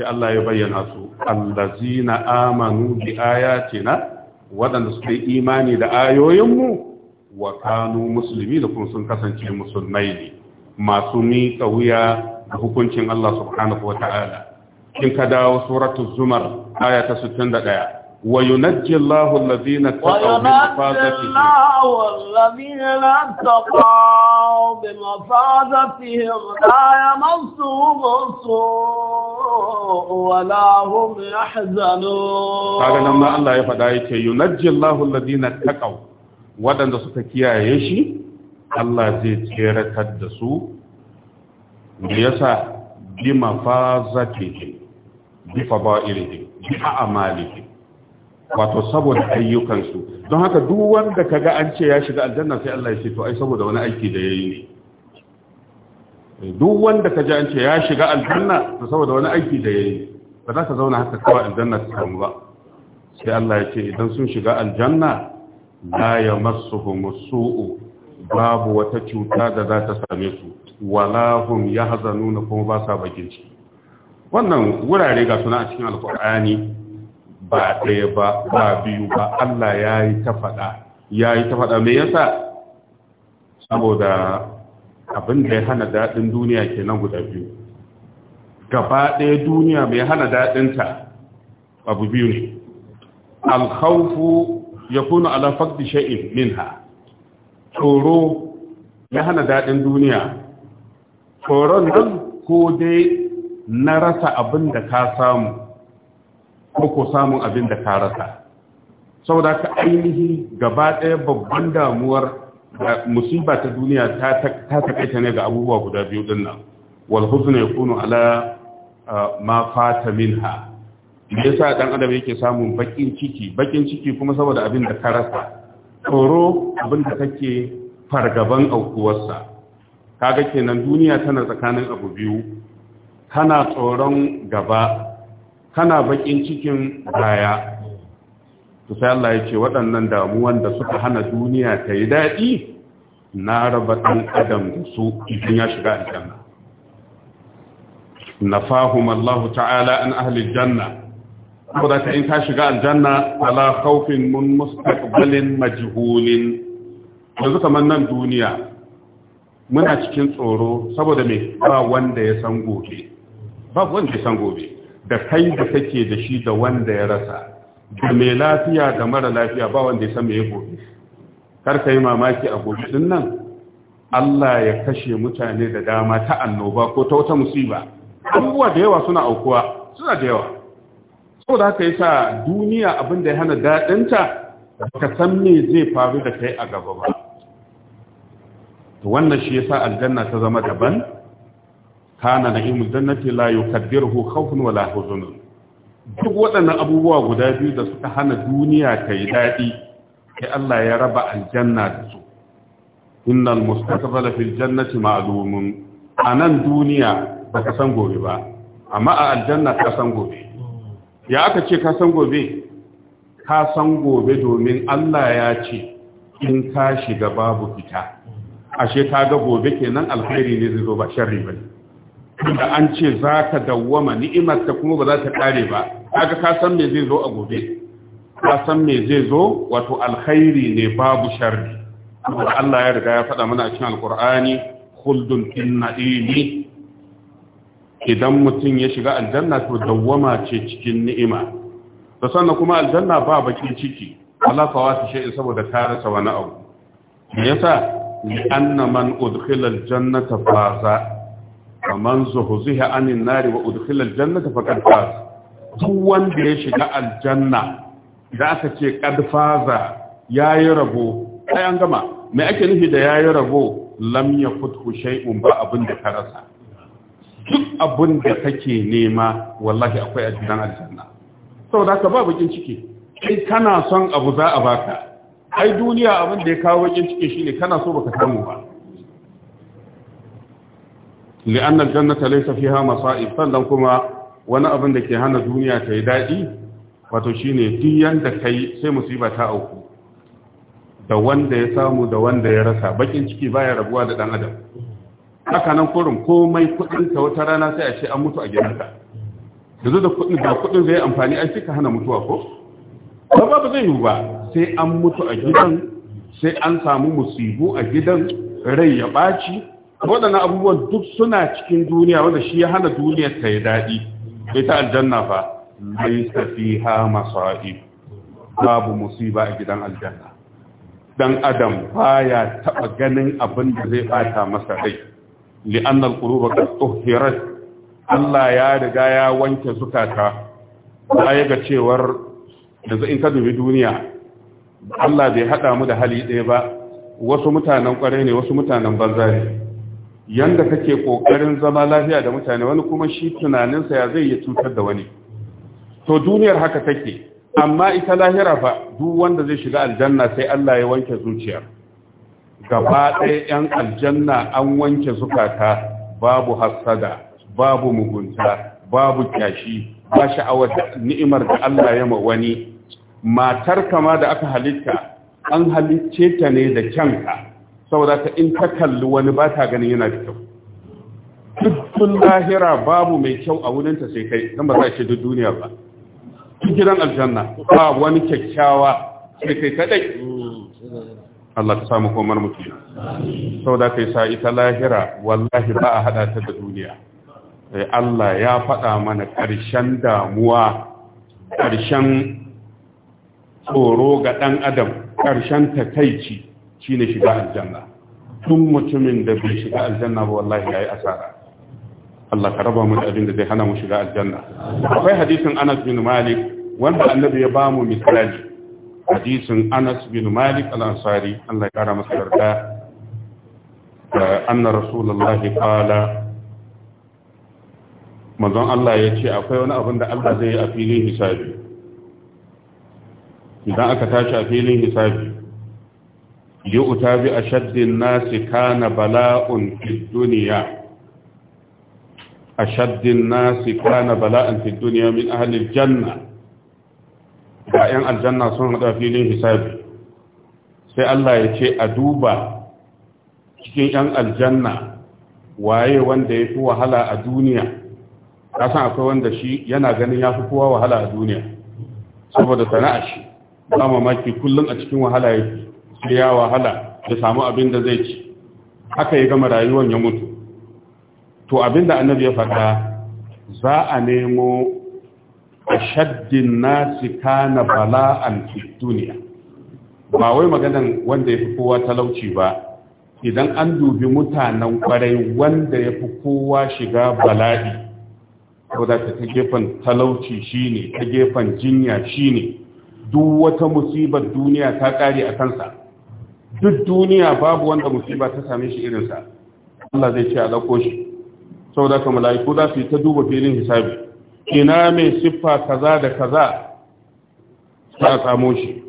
[SPEAKER 1] sai Allah ya bayyana su allazina amanu bi ayatina waɗanda su imani da ayoyin mu. wa kanu musulmi da kuma sun kasance musulmai ne masu miƙa wuya da hukuncin Allah subhanahu wa ta'ala in ka dawo suratu zumar aya ta 61 وينجي Ya الذين اتقوا بمفازتهم
[SPEAKER 2] الذين اتقوا بمفازتهم لا يمسهم السوء ولا هم يحزنون هذا لما الله يفدى
[SPEAKER 1] ينجي الله الذين اتقوا waɗanda suka kiyaye shi Allah zai tseratar da su da sa bi mafazatihi bi fadailihi bi a'malihi wato saboda ayyukansu don haka duk wanda kaga an ce ya shiga aljanna sai Allah ya ce to ai saboda wani aiki da yayi ne eh, duk wanda kaji an ce ya shiga aljanna to saboda wani aiki da yayi ba za ka zauna haka kawai aljanna ta samu ba sai Allah ya ce idan sun shiga aljanna la masu su'u babu wata cuta da za ta same su wala haza nuna kuma ba sa bakin ci wannan wurare ga suna a cikin alkur'ani ba ɗaya ba ba biyu ba Allah ya yi ta faɗa ya yi ta faɗa me yasa saboda abin da ya hana daɗin duniya ke nan guda biyu gaba ɗaya duniya mai hana daɗinta abu biyu ne alkhawfu yakunu ala faqdi shay'in minha tsoro ya hana daɗin duniya tsoron nan ko dai na rasa abin da ka samu ko ko samun abin da ka rasa saboda ka ainihi gaba ɗaya babban damuwar musiba ta duniya ta takaita ne ga abubuwa guda biyu din nan wal huzn yakunu ala ah, ma fata minha me yasa dan adam yake samun bakin ciki bakin ciki kuma saboda abin da ka rasa tsoro abin da kake fargaban aukuwarsa kaga kenan duniya tana tsakanin abu biyu kana tsoron gaba kana bakin cikin baya to sai Allah ya ce waɗannan damuwan da suka hana duniya ta yi daɗi na raba ɗan adam da su idan ya shiga aljanna nafahum Allah ta'ala an ahli janna saboda ka in ka shiga aljanna ala khawfin mun mustaqbalin majhulin yanzu kamar nan duniya muna cikin tsoro saboda me ba wanda ya san gobe ba wanda ya san gobe da kai da kake da shi da wanda ya rasa da mai lafiya da mara lafiya ba wanda ya san me ya gobe kar ka yi mamaki a gobe din nan Allah ya kashe mutane da dama ta annoba ko ta wata musiba abubuwa da yawa suna aukuwa suna da yawa so da ka yi sa duniya abin da ya hana daɗinta ka san me zai faru da kai a gaba ba to wannan shi yasa aljanna ta zama daban kana imul jannati la yukaddiruhu khawfun wala huzun duk waɗannan abubuwa guda biyu da suka hana duniya ta yi daɗi sai Allah ya raba aljanna da su innal mustaqbala fil jannati ma'lumun anan duniya baka san gobe ba amma a aljanna ka san gobe ya aka ce ka san gobe ka san gobe domin Allah ya ce in ka shiga babu fita ashe ka ga gobe kenan alkhairi ne zai zo ba sharri bane da an ce zaka dawwama ni'imar ta kuma ba za ta kare ba kaga ka san me zai zo a gobe ka san me zai zo wato alkhairi ne babu sharri Allah ya riga ya faɗa mana a cikin alkur'ani khuldun fil na'imi idan mutum ya shiga aljanna to dawwama ce cikin ni'ima da sannan kuma aljanna ba bakin ciki Allah ta shay'in saboda ta rasa wani abu Me yasa li anna man udkhila aljannata faza kaman zuhziha anin nari wa udkhila aljannata faqad faz duk wanda ya shiga aljanna da aka ce kad faza yayi rabo sai an gama me ake nufi da yayi rabo lam yakuthu shay'un ba abin da ka rasa duk abin da kake nema wallahi akwai a cikin aljanna saboda ka ba bakin ciki kai kana son abu za a baka ai duniya abin da ya kawo bakin ciki shine kana so baka samu ba li'anna aljannata laysa fiha masa'ib sannan kuma wani abin da ke hana duniya ta yi dadi wato shine duk yanda kai sai musiba ta auku da wanda ya samu da wanda ya rasa bakin ciki baya rabuwa da dan adam haka nan kurin komai kudin ta wata rana sai a ce an mutu a gidanka yanzu da kudin da kudin zai amfani a sai ka hana mutuwa ko ba ba zai yi ba sai an mutu a gidan sai an samu musibu a gidan rai ya baci waɗannan abubuwan duk suna cikin duniya wanda shi ya hana duniya ta yi daɗi bai ta aljanna fa bai safiha masa'ib babu musiba a gidan aljanna dan adam baya taɓa ganin abin da zai ɓata masa rai li'anna al-quluba qad Allah ya riga ya wanke zukata ayi ga cewar yanzu in ka dubi duniya Allah bai hada mu da hali ɗaya ba wasu mutanen kwarai ne wasu mutanen banza ne yanda kake kokarin zama lafiya da mutane wani kuma shi tunaninsa ya zai yi cutar da wani to duniyar haka take amma ita lahira fa duk wanda zai shiga aljanna sai Allah ya wanke zuciyar gaba ɗaya 'yan aljanna an wanke zukata babu hassada babu mugunta babu kyashi ba sha'awar ni'imar da Allah ya wani matar kama da aka halitta an halicce ta ne da kyanka saboda ta in ta kalli wani ba ta ganin yana da kyau tuttun lahira babu mai kyau a wurinta sai kai don ba za a ce duk duniya ba duk gidan aljanna ba wani kyakkyawa sai kai kadai Allah ta samu komar mutu ka yi sa ita lahira wallahi ba a haɗa ta da duniya sai eh, Allah ya faɗa mana ƙarshen damuwa ƙarshen tsoro ga ɗan adam ƙarshen takaici shine shiga aljanna tun mutumin da bai shiga aljanna ba wallahi ya yi asara Allah ka raba mutu abin da zai hana mu shiga aljanna akwai hadisin Anas bin Malik wanda annabi ya bamu misali hadisin Anas bin Malik al-Ansari Allah ya kara masa yarda da anna rasulullahi kala. manzon Allah ya ce akwai wani abin da Allah zai yi a filin hisabi idan aka tashi a filin hisabi yi ta bi a shaddin nasi kana bala'un fi duniya a shaddin nasi kana bala'un fi duniya min ahalil janna ga 'yan aljanna sun haɗa filin hisabi sai Allah ya ce a duba cikin 'yan aljanna waye wanda ya fi wahala a duniya kasan akwai wanda shi yana ganin ya fi kowa wahala a duniya saboda sana'a shi ba mamaki kullum a cikin wahala ya sai ya wahala ya samu abin da zai ci haka ya gama rayuwar ya mutu to abin da annabi ya faɗa za a nemo ashaddin nasi kana bala'an fi duniya ba wai maganan wanda ya fi kowa talauci ba idan an dubi mutanen kwarai wanda yafi kowa shiga bala'i ko da ta gefen talauci shine ta gefen jinya shine duk wata musibar duniya ta kare a kansa duk duniya babu wanda musiba ta same shi irinsa Allah zai ce a dauko shi saboda ka mala'iku za su yi ta duba filin hisabi ina mai siffa kaza da kaza ta samo shi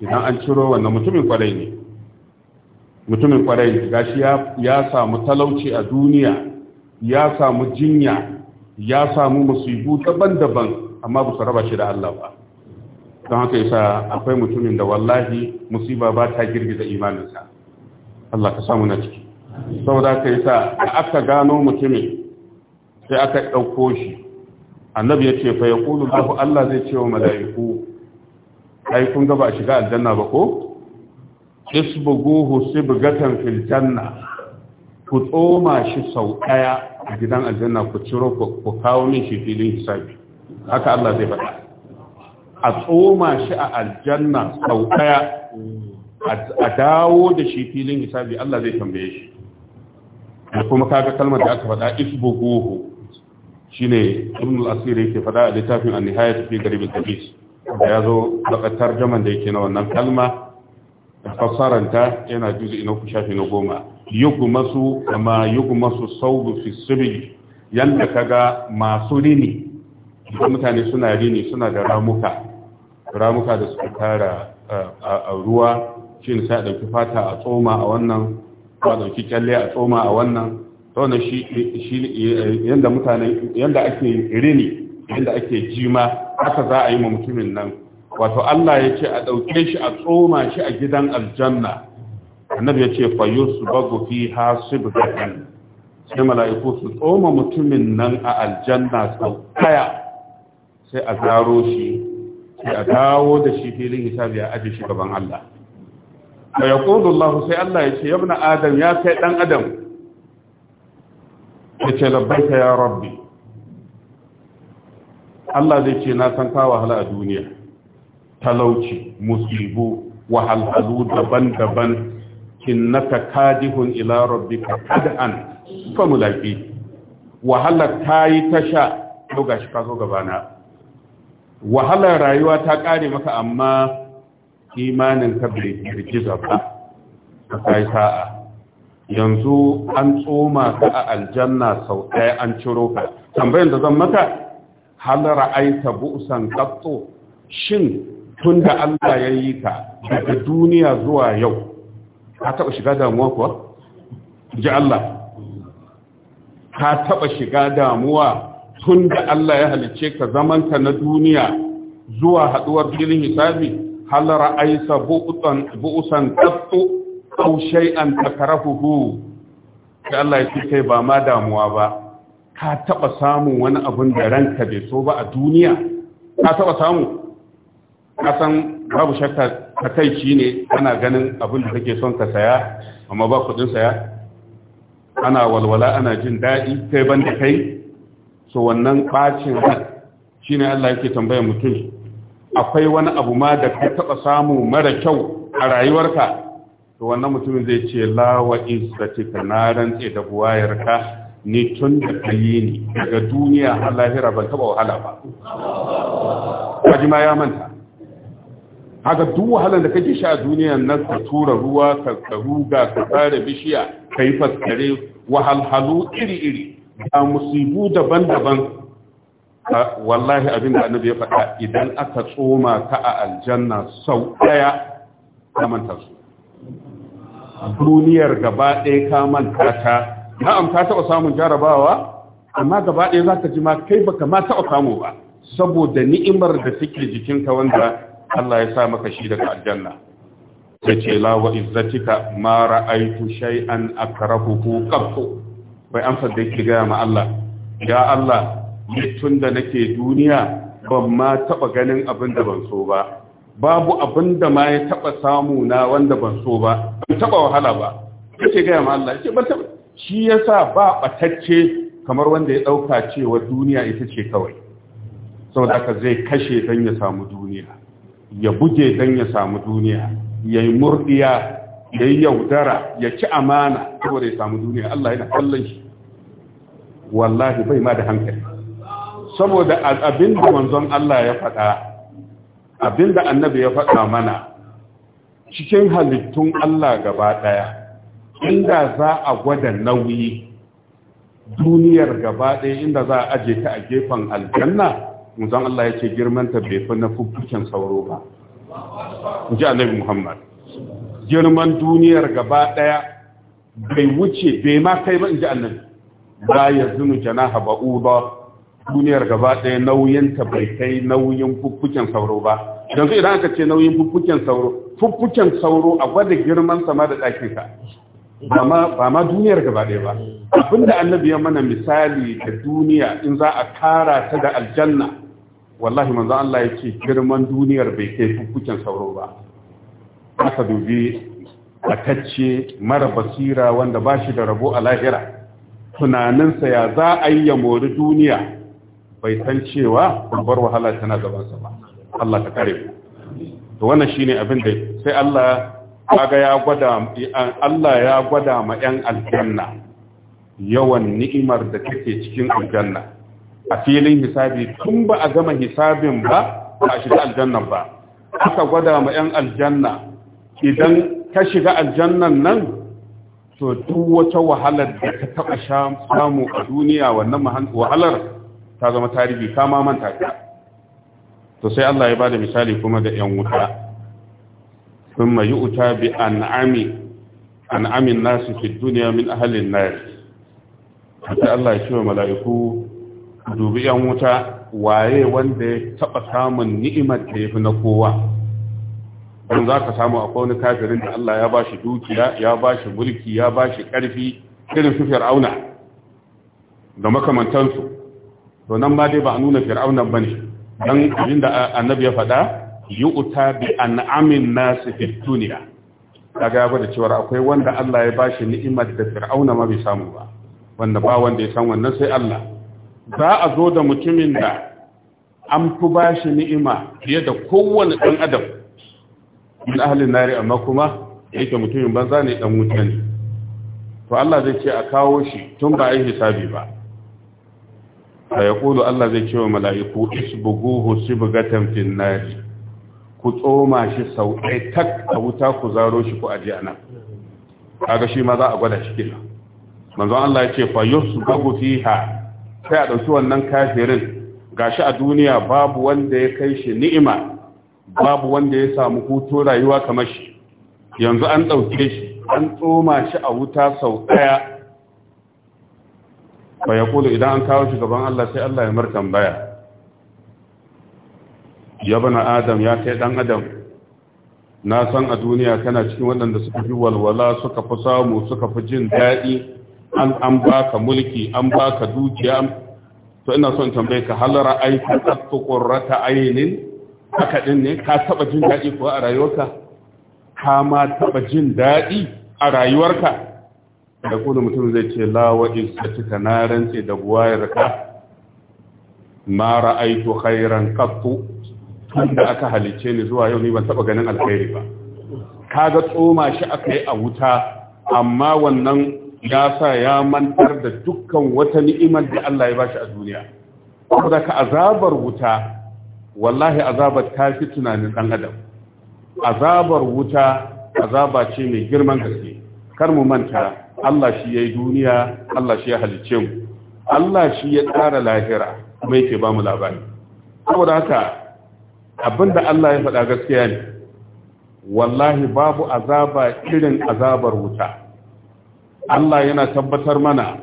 [SPEAKER 1] idan an ciro wannan mutumin kwarai ne mutumin kwarai ne gashi ya samu talauci a duniya ya samu jinya ya samu musibu daban-daban amma ba su raba shi da Allah ba don haka yasa akwai mutumin da wallahi musiba ba ta girgiza imaninsa Allah ka samu na ciki saboda haka yasa aka gano mutumin sai aka ɗauko shi annabi ya ce fa ya ƙulu lahu Allah zai ce wa mala'iku ai kun ga ba a shiga aljanna ba ko isbuguhu sibgatan fil janna ku tsoma shi sau ɗaya a gidan aljanna ku ciro ku kawo min shi filin hisabi haka Allah zai faɗa a tsoma shi a aljanna sau ɗaya a dawo da shi filin hisabi Allah zai tambaye shi kuma kaga kalmar da aka faɗa isbuguhu shine ibn al-asir yake fada a littafin an-nihayat fi garib al da yazo daga tarjaman da yake na wannan kalma fassaranta yana juzu ina ku shafi na goma yugmasu kama yugmasu sawb fi sibil yanda kaga masu rini idan mutane suna rini suna da ramuka ramuka da suka tara a ruwa Shin sai a ɗauki fata a tsoma a wannan ko a ɗauki kyalle a tsoma a wannan wannan shi shi yanda mutane yanda ake rini yanda ake jima haka za a yi ma mutumin nan wato Allah ya ce a ɗauke shi a tsoma shi a gidan aljanna annabi ya ce fa yusbagu fiha sibgatan sai mala'iku su tsoma mutumin nan a aljanna sau kaya sai a zaro shi sai a dawo da shi filin hisabi a aje shi gaban Allah fa yaqulu Allah sai Allah ya ce ya ibn adam ya kai dan adam ya ce labbaika ya rabbi Allah zai ce na san ka wahala a duniya talauci musibu wahalhalu daban-daban innaka kadihun ila rabbika kad'an fa mulaqi wahala tayi tasha to gashi ka zo gabana wahalar rayuwa ta kare maka amma imanin ka bai girgiza ba ka kai sa'a yanzu an tsoma ka a aljanna sau ɗaya an ciro ka tambayin da zan maka hal ra'aita bu'san qattu shin tun da Allah ya yi ka daga duniya zuwa yau ka taɓa shiga damuwa kuwa ji Allah ka taɓa shiga damuwa tun da Allah ya halice ka zamanta na duniya zuwa haɗuwar filin hisabi hal ra'aita bu'san qattu an takara huhu. ka Allah ya ce kai ba ma damuwa ba ka taba samun wani abun da ranka bai so ba a duniya ka taba samu ka san babu shakka shi ne ana ganin abin da kake son ka saya amma ba kudin saya
[SPEAKER 2] ana walwala ana jin daɗi kai
[SPEAKER 1] ban da kai so wannan ɓacin ran shi ne Allah yake tambayar mutum akwai wani abu ma da ka taɓa samu mara kyau a rayuwarka to wannan mutumin zai ce lawa izzatika na rantse da buwayarka ni tun da kayi ni daga duniya har lahira ban taba wahala ba kaji ma ya manta haka duk wahalar da kake sha a duniya nan ka tura ruwa ka ruga ka tsare bishiya ka yi faskare wahalhalu iri-iri da musibu daban-daban wallahi abin da annabi ya faɗa idan aka tsoma ka a aljanna sau ɗaya ka manta su duniyar gaba ɗaya ka manta ta na'am ka taɓa samun jarabawa amma gaba ɗaya za ka ji ma kai baka ma taɓa samu ba saboda ni'imar da take jikinka wanda Allah ya sa maka shi daga aljanna ta ce la wa izzatika ma an shay'an akrahuhu qattu bai amsa da yake ga ma Allah ya Allah mutun da nake duniya ban ma taɓa ganin abin da ban so ba babu abin da ma ya taba samu na wanda ban so ba ban taba wahala ba ce ga ma Allah yace ban taba shi yasa ba batacce kamar wanda ya ɗauka cewa duniya ita ce kawai saboda ka zai kashe dan ya samu duniya ya buge dan ya samu duniya yayi murdiya yayi yaudara ya ci amana saboda ya samu duniya Allah yana kallon shi wallahi bai ma da hankali saboda abin da manzon Allah ya faɗa abinda annabi ya faɗa mana cikin halittun Allah gaba ɗaya inda za a gwada nauyi duniyar gaba ɗaya inda za a aje ta a gefen aljanna muzan Allah ya ce girmanta bai na fukukin sauro ba ji annabi Muhammad girman duniyar gaba ɗaya bai wuce bai ma kai ba in ji annabi ba ya zunu janaha ba'u ba duniyar gaba ɗaya nauyin ta bai kai nauyin fuffuken sauro ba yanzu idan aka ce nauyin fuffuken sauro fuffuken sauro a gwada girman sama da ɗakin ba ma duniyar gaba ɗaya ba abinda annabi ya mana misali da duniya in za a kara ta da aljanna wallahi manzo Allah ya girman duniyar bai kai fuffuken sauro ba aka dubi a tacce mara basira wanda ba shi da rabo a lahira tunaninsa ya za a yi ya mori duniya bai san cewa babbar wahala tana gabansa ba Allah ka kare to wannan shine abin da sai Allah kaga ya gwada Allah ya gwada ma ƴan aljanna yawan ni'imar da take cikin aljanna a filin hisabi tun ba a gama hisabin ba ba a shiga aljannan ba aka gwada ma ƴan aljanna idan ka shiga aljannan nan to duk wata wahalar da ka taɓa samu a duniya wannan wahalar ta zama tarihi kama manta ta to sai Allah ya bada misali kuma da yan wuta thumma yu'ta bi an'ami an'amin nasu fi duniya min ahli nar Allah ya ce wa mala'iku dubi yan wuta waye wanda ya taɓa samun ni'imar da yafi na kowa don za ka samu akwai wani kafirin da Allah ya ba shi dukiya ya ba shi mulki ya ba shi ƙarfi irin su fir'auna da makamantansu to nan ba dai ba a nuna fir'aunan ba ne don da annabi ya faɗa yi uta bi an'amin nas fi duniya daga ya bada cewar akwai wanda Allah ya bashi ni'imar da fir'auna ma bai samu ba wanda ba wanda ya san wannan sai Allah za a zo da mutumin da an fi bashi ni'ima fiye da kowane dan adam min ahalin nari amma kuma yake mutumin banza ne dan wuta ne to Allah zai ce a kawo shi tun ba a hisabi ba fa yaqulu Allah zai ce wa mala'iku isbuguhu sibgatan fin nar ku tsoma shi sau ɗaya tak a wuta ku zaro shi ku aje anan kaga shi ma za a gwada shi kenan manzon Allah ya ce fa yusbagu fiha sai a dauki wannan kafirin gashi a duniya babu wanda ya kai shi ni'ima babu wanda ya samu hutu rayuwa kamar shi yanzu an dauke shi an tsoma shi a wuta sau ɗaya fa Kulu, idan an kawo shi gaban Allah sai Allah ya mar tambaya ya bana adam ya kai dan adam na san a duniya kana cikin waɗanda suka fi walwala suka fi samu suka fi jin daɗi an an baka mulki an baka dukiya to ina son tambaye ka hal ra'aita qattu qurrata aynin haka din ne ka taba jin daɗi ko a rayuwarka ka ma taba jin daɗi a rayuwarka da kuma mutum zai ce lawa istatika na rantse da buwayar ka ma ra'aitu khairan qattu tunda aka halice ni zuwa yau ni ban taba ganin alkhairi ba kaga tsoma shi akai a wuta amma wannan ya sa ya mantar da dukkan wata ni'imar da Allah ya bashi a duniya saboda ka azabar wuta wallahi azabar ta fi tunanin dan adam azabar wuta azaba ce mai girman gaske kar mu manta Allah shi ya yi duniya Allah shi ya halicce mu Allah shi ya ƙara lahira kuma yake ba mu labari saboda haka abinda Allah ya faɗa gaskiya ne wallahi babu azaba irin azabar wuta Allah yana tabbatar mana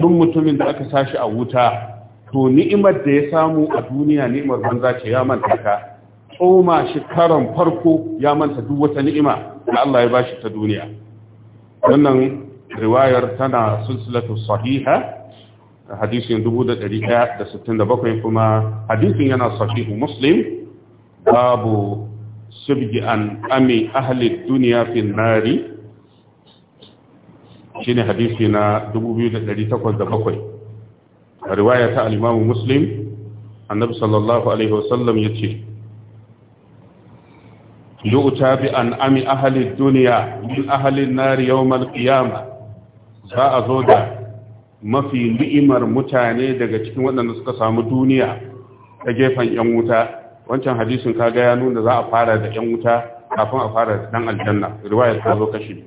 [SPEAKER 1] duk mutumin da aka sashi a wuta to ni'imar da ya samu a duniya ni'imar banza ce ya manta ka. tsoma shi karon farko ya manta duk wata ni'ima da Allah ya ba shi ta duniya wannan رواية تنا سلسلة صحيحة حديث يندبود الرئاء دستن دبقوا ينفما حديث ينا صحيح مسلم باب سبج أن أمي أهل الدنيا في النار شين حديث ينا دبود الذي تقول دبقوا رواية الإمام مسلم النبي صلى الله عليه وسلم يتي يؤتى بأن أمي أهل الدنيا من أهل النار يوم القيامة za a zo da mafi ni'imar mutane daga cikin waɗanda suka samu duniya ta gefen 'yan wuta wancan hadisin kaga ya nuna za a fara da 'yan wuta kafin a fara da ɗan aljanna riwayar ta zo kashi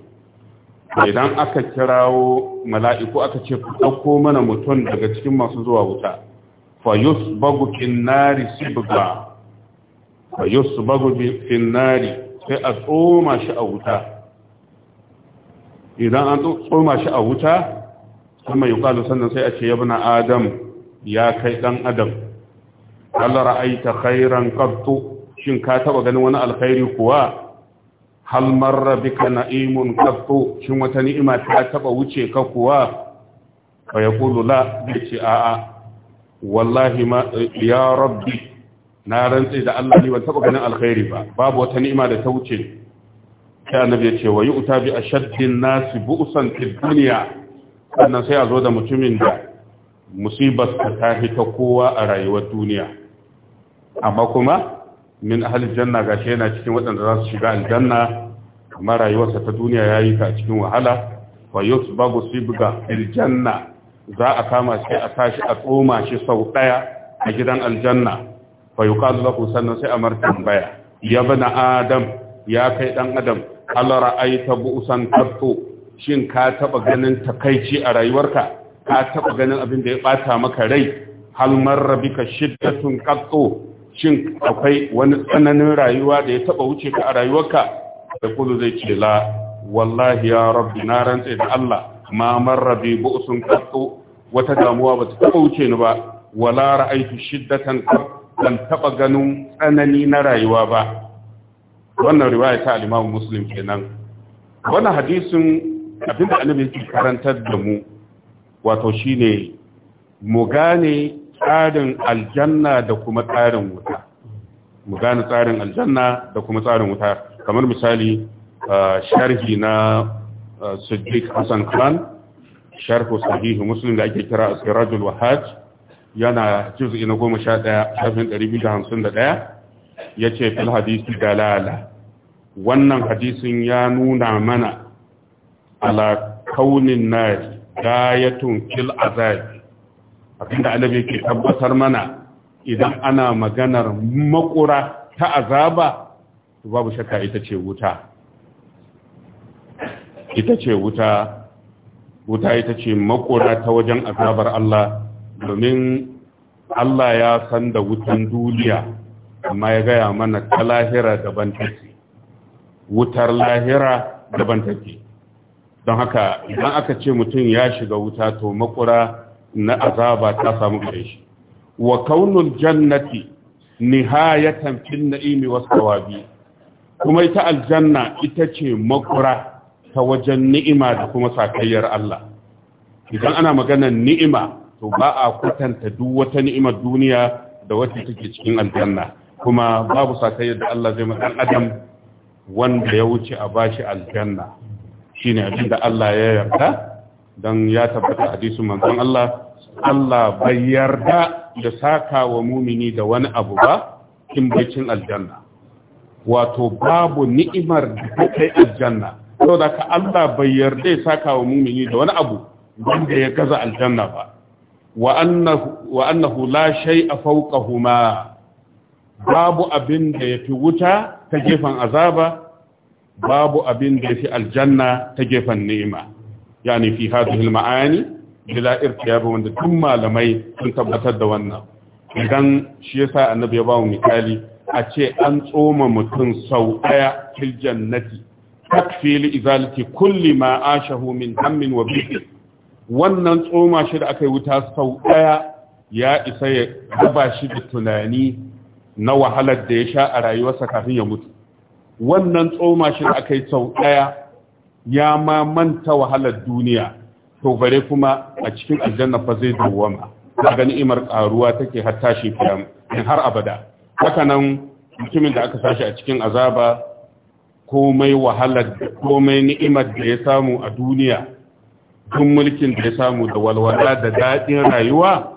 [SPEAKER 1] idan aka kirawo mala'iku aka ce ku ɗauko mana mutum daga cikin masu zuwa wuta fayus bagu finnari sai a tsoma shi a wuta idan an tsoma shi a wuta kuma yi ƙalu sannan sai a ce ya bina adam ya kai ɗan adam Allah ra'aita khairan qattu shin ka taba ganin wani alkhairi kuwa hal marra bika na'imun qattu shin wata ni'ima ta taba wuce ka kuwa fa yaqulu la bi a'a wallahi ma ya rabbi na rantsi da Allah ni ban taba ganin alkhairi ba babu wata ni'ima da ta wuce sai annabi ya ce wa uta bi shaddin nasi buusan fid sannan sai a zo da mutumin da musibar ta fi ta kowa a rayuwar duniya amma kuma min ahlil janna gashi yana cikin waɗanda za su shiga aljanna amma rayuwarsa ta duniya yayi ta cikin wahala wa ba sibga fil janna za a kama sai a tashi a tsoma shi sau ɗaya a gidan aljanna fa yuqalu ku sannan sai amar tambaya ya bana adam ya kai ɗan adam alara aita bu'usan tabto shin ka taba ganin takaici a rayuwarka ka taba ganin abin da ya bata maka rai hal marra bika shiddatun qatto shin akwai wani tsananin rayuwa da ya taba wuce ka a rayuwarka da kullu zai ce la wallahi ya rabbi na rantsa da Allah ma marra bi bu'sun qatto wata damuwa ba ta taba wuce ni ba wala ra'aytu shiddatan qatto ban taba ganin tsanani na rayuwa ba wannan riwaya ta alimamu imam Muslim kenan wannan hadisin abinda annabi yake karantar da mu wato shine mu gane tsarin aljanna da kuma tsarin wuta mu gane tsarin aljanna da kuma tsarin wuta kamar misali sharhi na Siddiq Hassan Khan sharhu sahih Muslim da ake kira Sirajul wahaj yana juz'i na 11 shafin 251 ya ce fil hadisi dalala wannan hadisin ya nuna mana ala kaunin nari gayatun fil azabi abinda annabi ke tabbatar mana idan ana maganar makura ta azaba babu shakka ita ce wuta ita ce wuta wuta ita ce makura ta wajen azabar Allah domin Allah ya san da wutan duniya amma ya gaya mana ta lahira daban take wutar lahira daban take don haka idan aka ce mutum ya shiga wuta to makura na azaba ta samu gare shi wa kaunul jannati nihayatan fil na'imi was sawabi kuma ita aljanna ita ce makura ta wajen ni'ima da kuma sakayyar Allah idan ana maganar ni'ima to ba a kwatanta duk wata ni'imar duniya da wacce take cikin aljanna kuma babu sakayya da Allah zai maka adam wanda ya wuce a bashi aljanna Shi ne abin da Allah ya yarda don ya tabbata hadisin manzon Allah Allah bai yarda da saka wa mumini da wani abu ba in bacin aljanna wato babu ni'imar da ta kai aljanna da ka Allah bai yarda ya saka wa mumini da wani abu wanda ya gaza aljanna ba wa annahu la shay'a fawqahuma babu abin da ya fi wuta ta gefen azaba babu abin da ya fi aljanna ta gefen ni'ima yani fi hadhihi ma'ani bila ba wanda duk malamai sun tabbatar da wannan idan shi yasa annabi ya ba mu misali a ce an tsoma mutum sau daya fil jannati takfi li izalati kulli ma ashahu min hammin wa bihi wannan tsoma shi da aka yi wuta sau daya ya isa ya raba shi da tunani na wahalar da ya sha a rayuwarsa kafin ya mutu wannan tsoma shi aka yi sau ɗaya ya ma manta wahalar duniya to bare kuma a cikin aljanna fa zai dawwama daga ni'imar karuwa take har tashi kiyam in har abada haka nan mutumin da aka sashi a cikin azaba komai wahalar komai ni'imar da ya samu a duniya tun mulkin da ya samu da walwala da daɗin rayuwa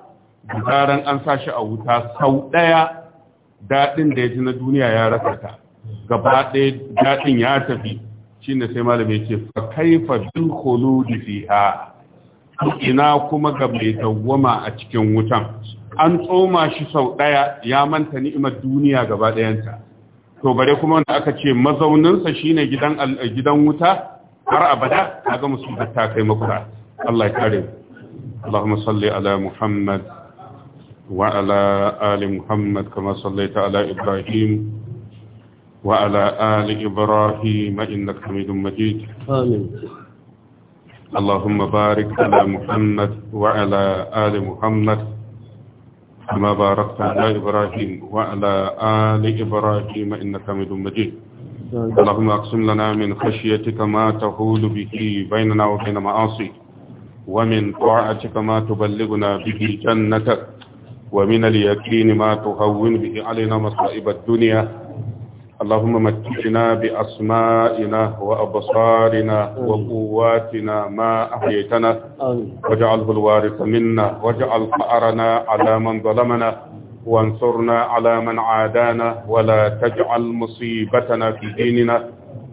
[SPEAKER 1] da zaran an sashi a wuta sau ɗaya daɗin da ya ji na duniya ya rasa ta gaba ɗaya daɗin ya tafi shi ne sai malami ce fa kaifa bil da fiha ina kuma ga mai dawwama a cikin wutan an tsoma shi sau ɗaya ya manta ni'imar duniya gaba ɗayanta to bare kuma wanda aka ce mazauninsa shine gidan gidan wuta har abada kaga da ta kai makura Allah ya kare Allahumma ala Muhammad وعلى آل محمد كما صليت على إبراهيم وعلى آل إبراهيم إنك حميد مجيد آمين اللهم بارك على محمد وعلى آل محمد كما باركت على إبراهيم وعلى آل إبراهيم إنك حميد مجيد اللهم أقسم لنا من خشيتك ما تحول به بيننا وبين معاصيك ومن طاعتك ما تبلغنا به جنتك ومن اليقين ما تهون به علينا مصائب الدنيا اللهم متعنا بأسمائنا وأبصارنا وقواتنا ما أحييتنا واجعله الوارث منا واجعل فأرنا على من ظلمنا وانصرنا على من عادانا ولا تجعل مصيبتنا في ديننا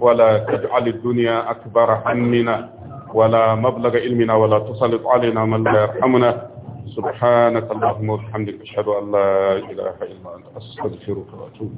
[SPEAKER 1] ولا تجعل الدنيا أكبر همنا ولا مبلغ علمنا ولا تسلط علينا من لا يرحمنا سبحانك اللهم وبحمدك أشهد أن لا إله إلا أنت أستغفرك وأتوب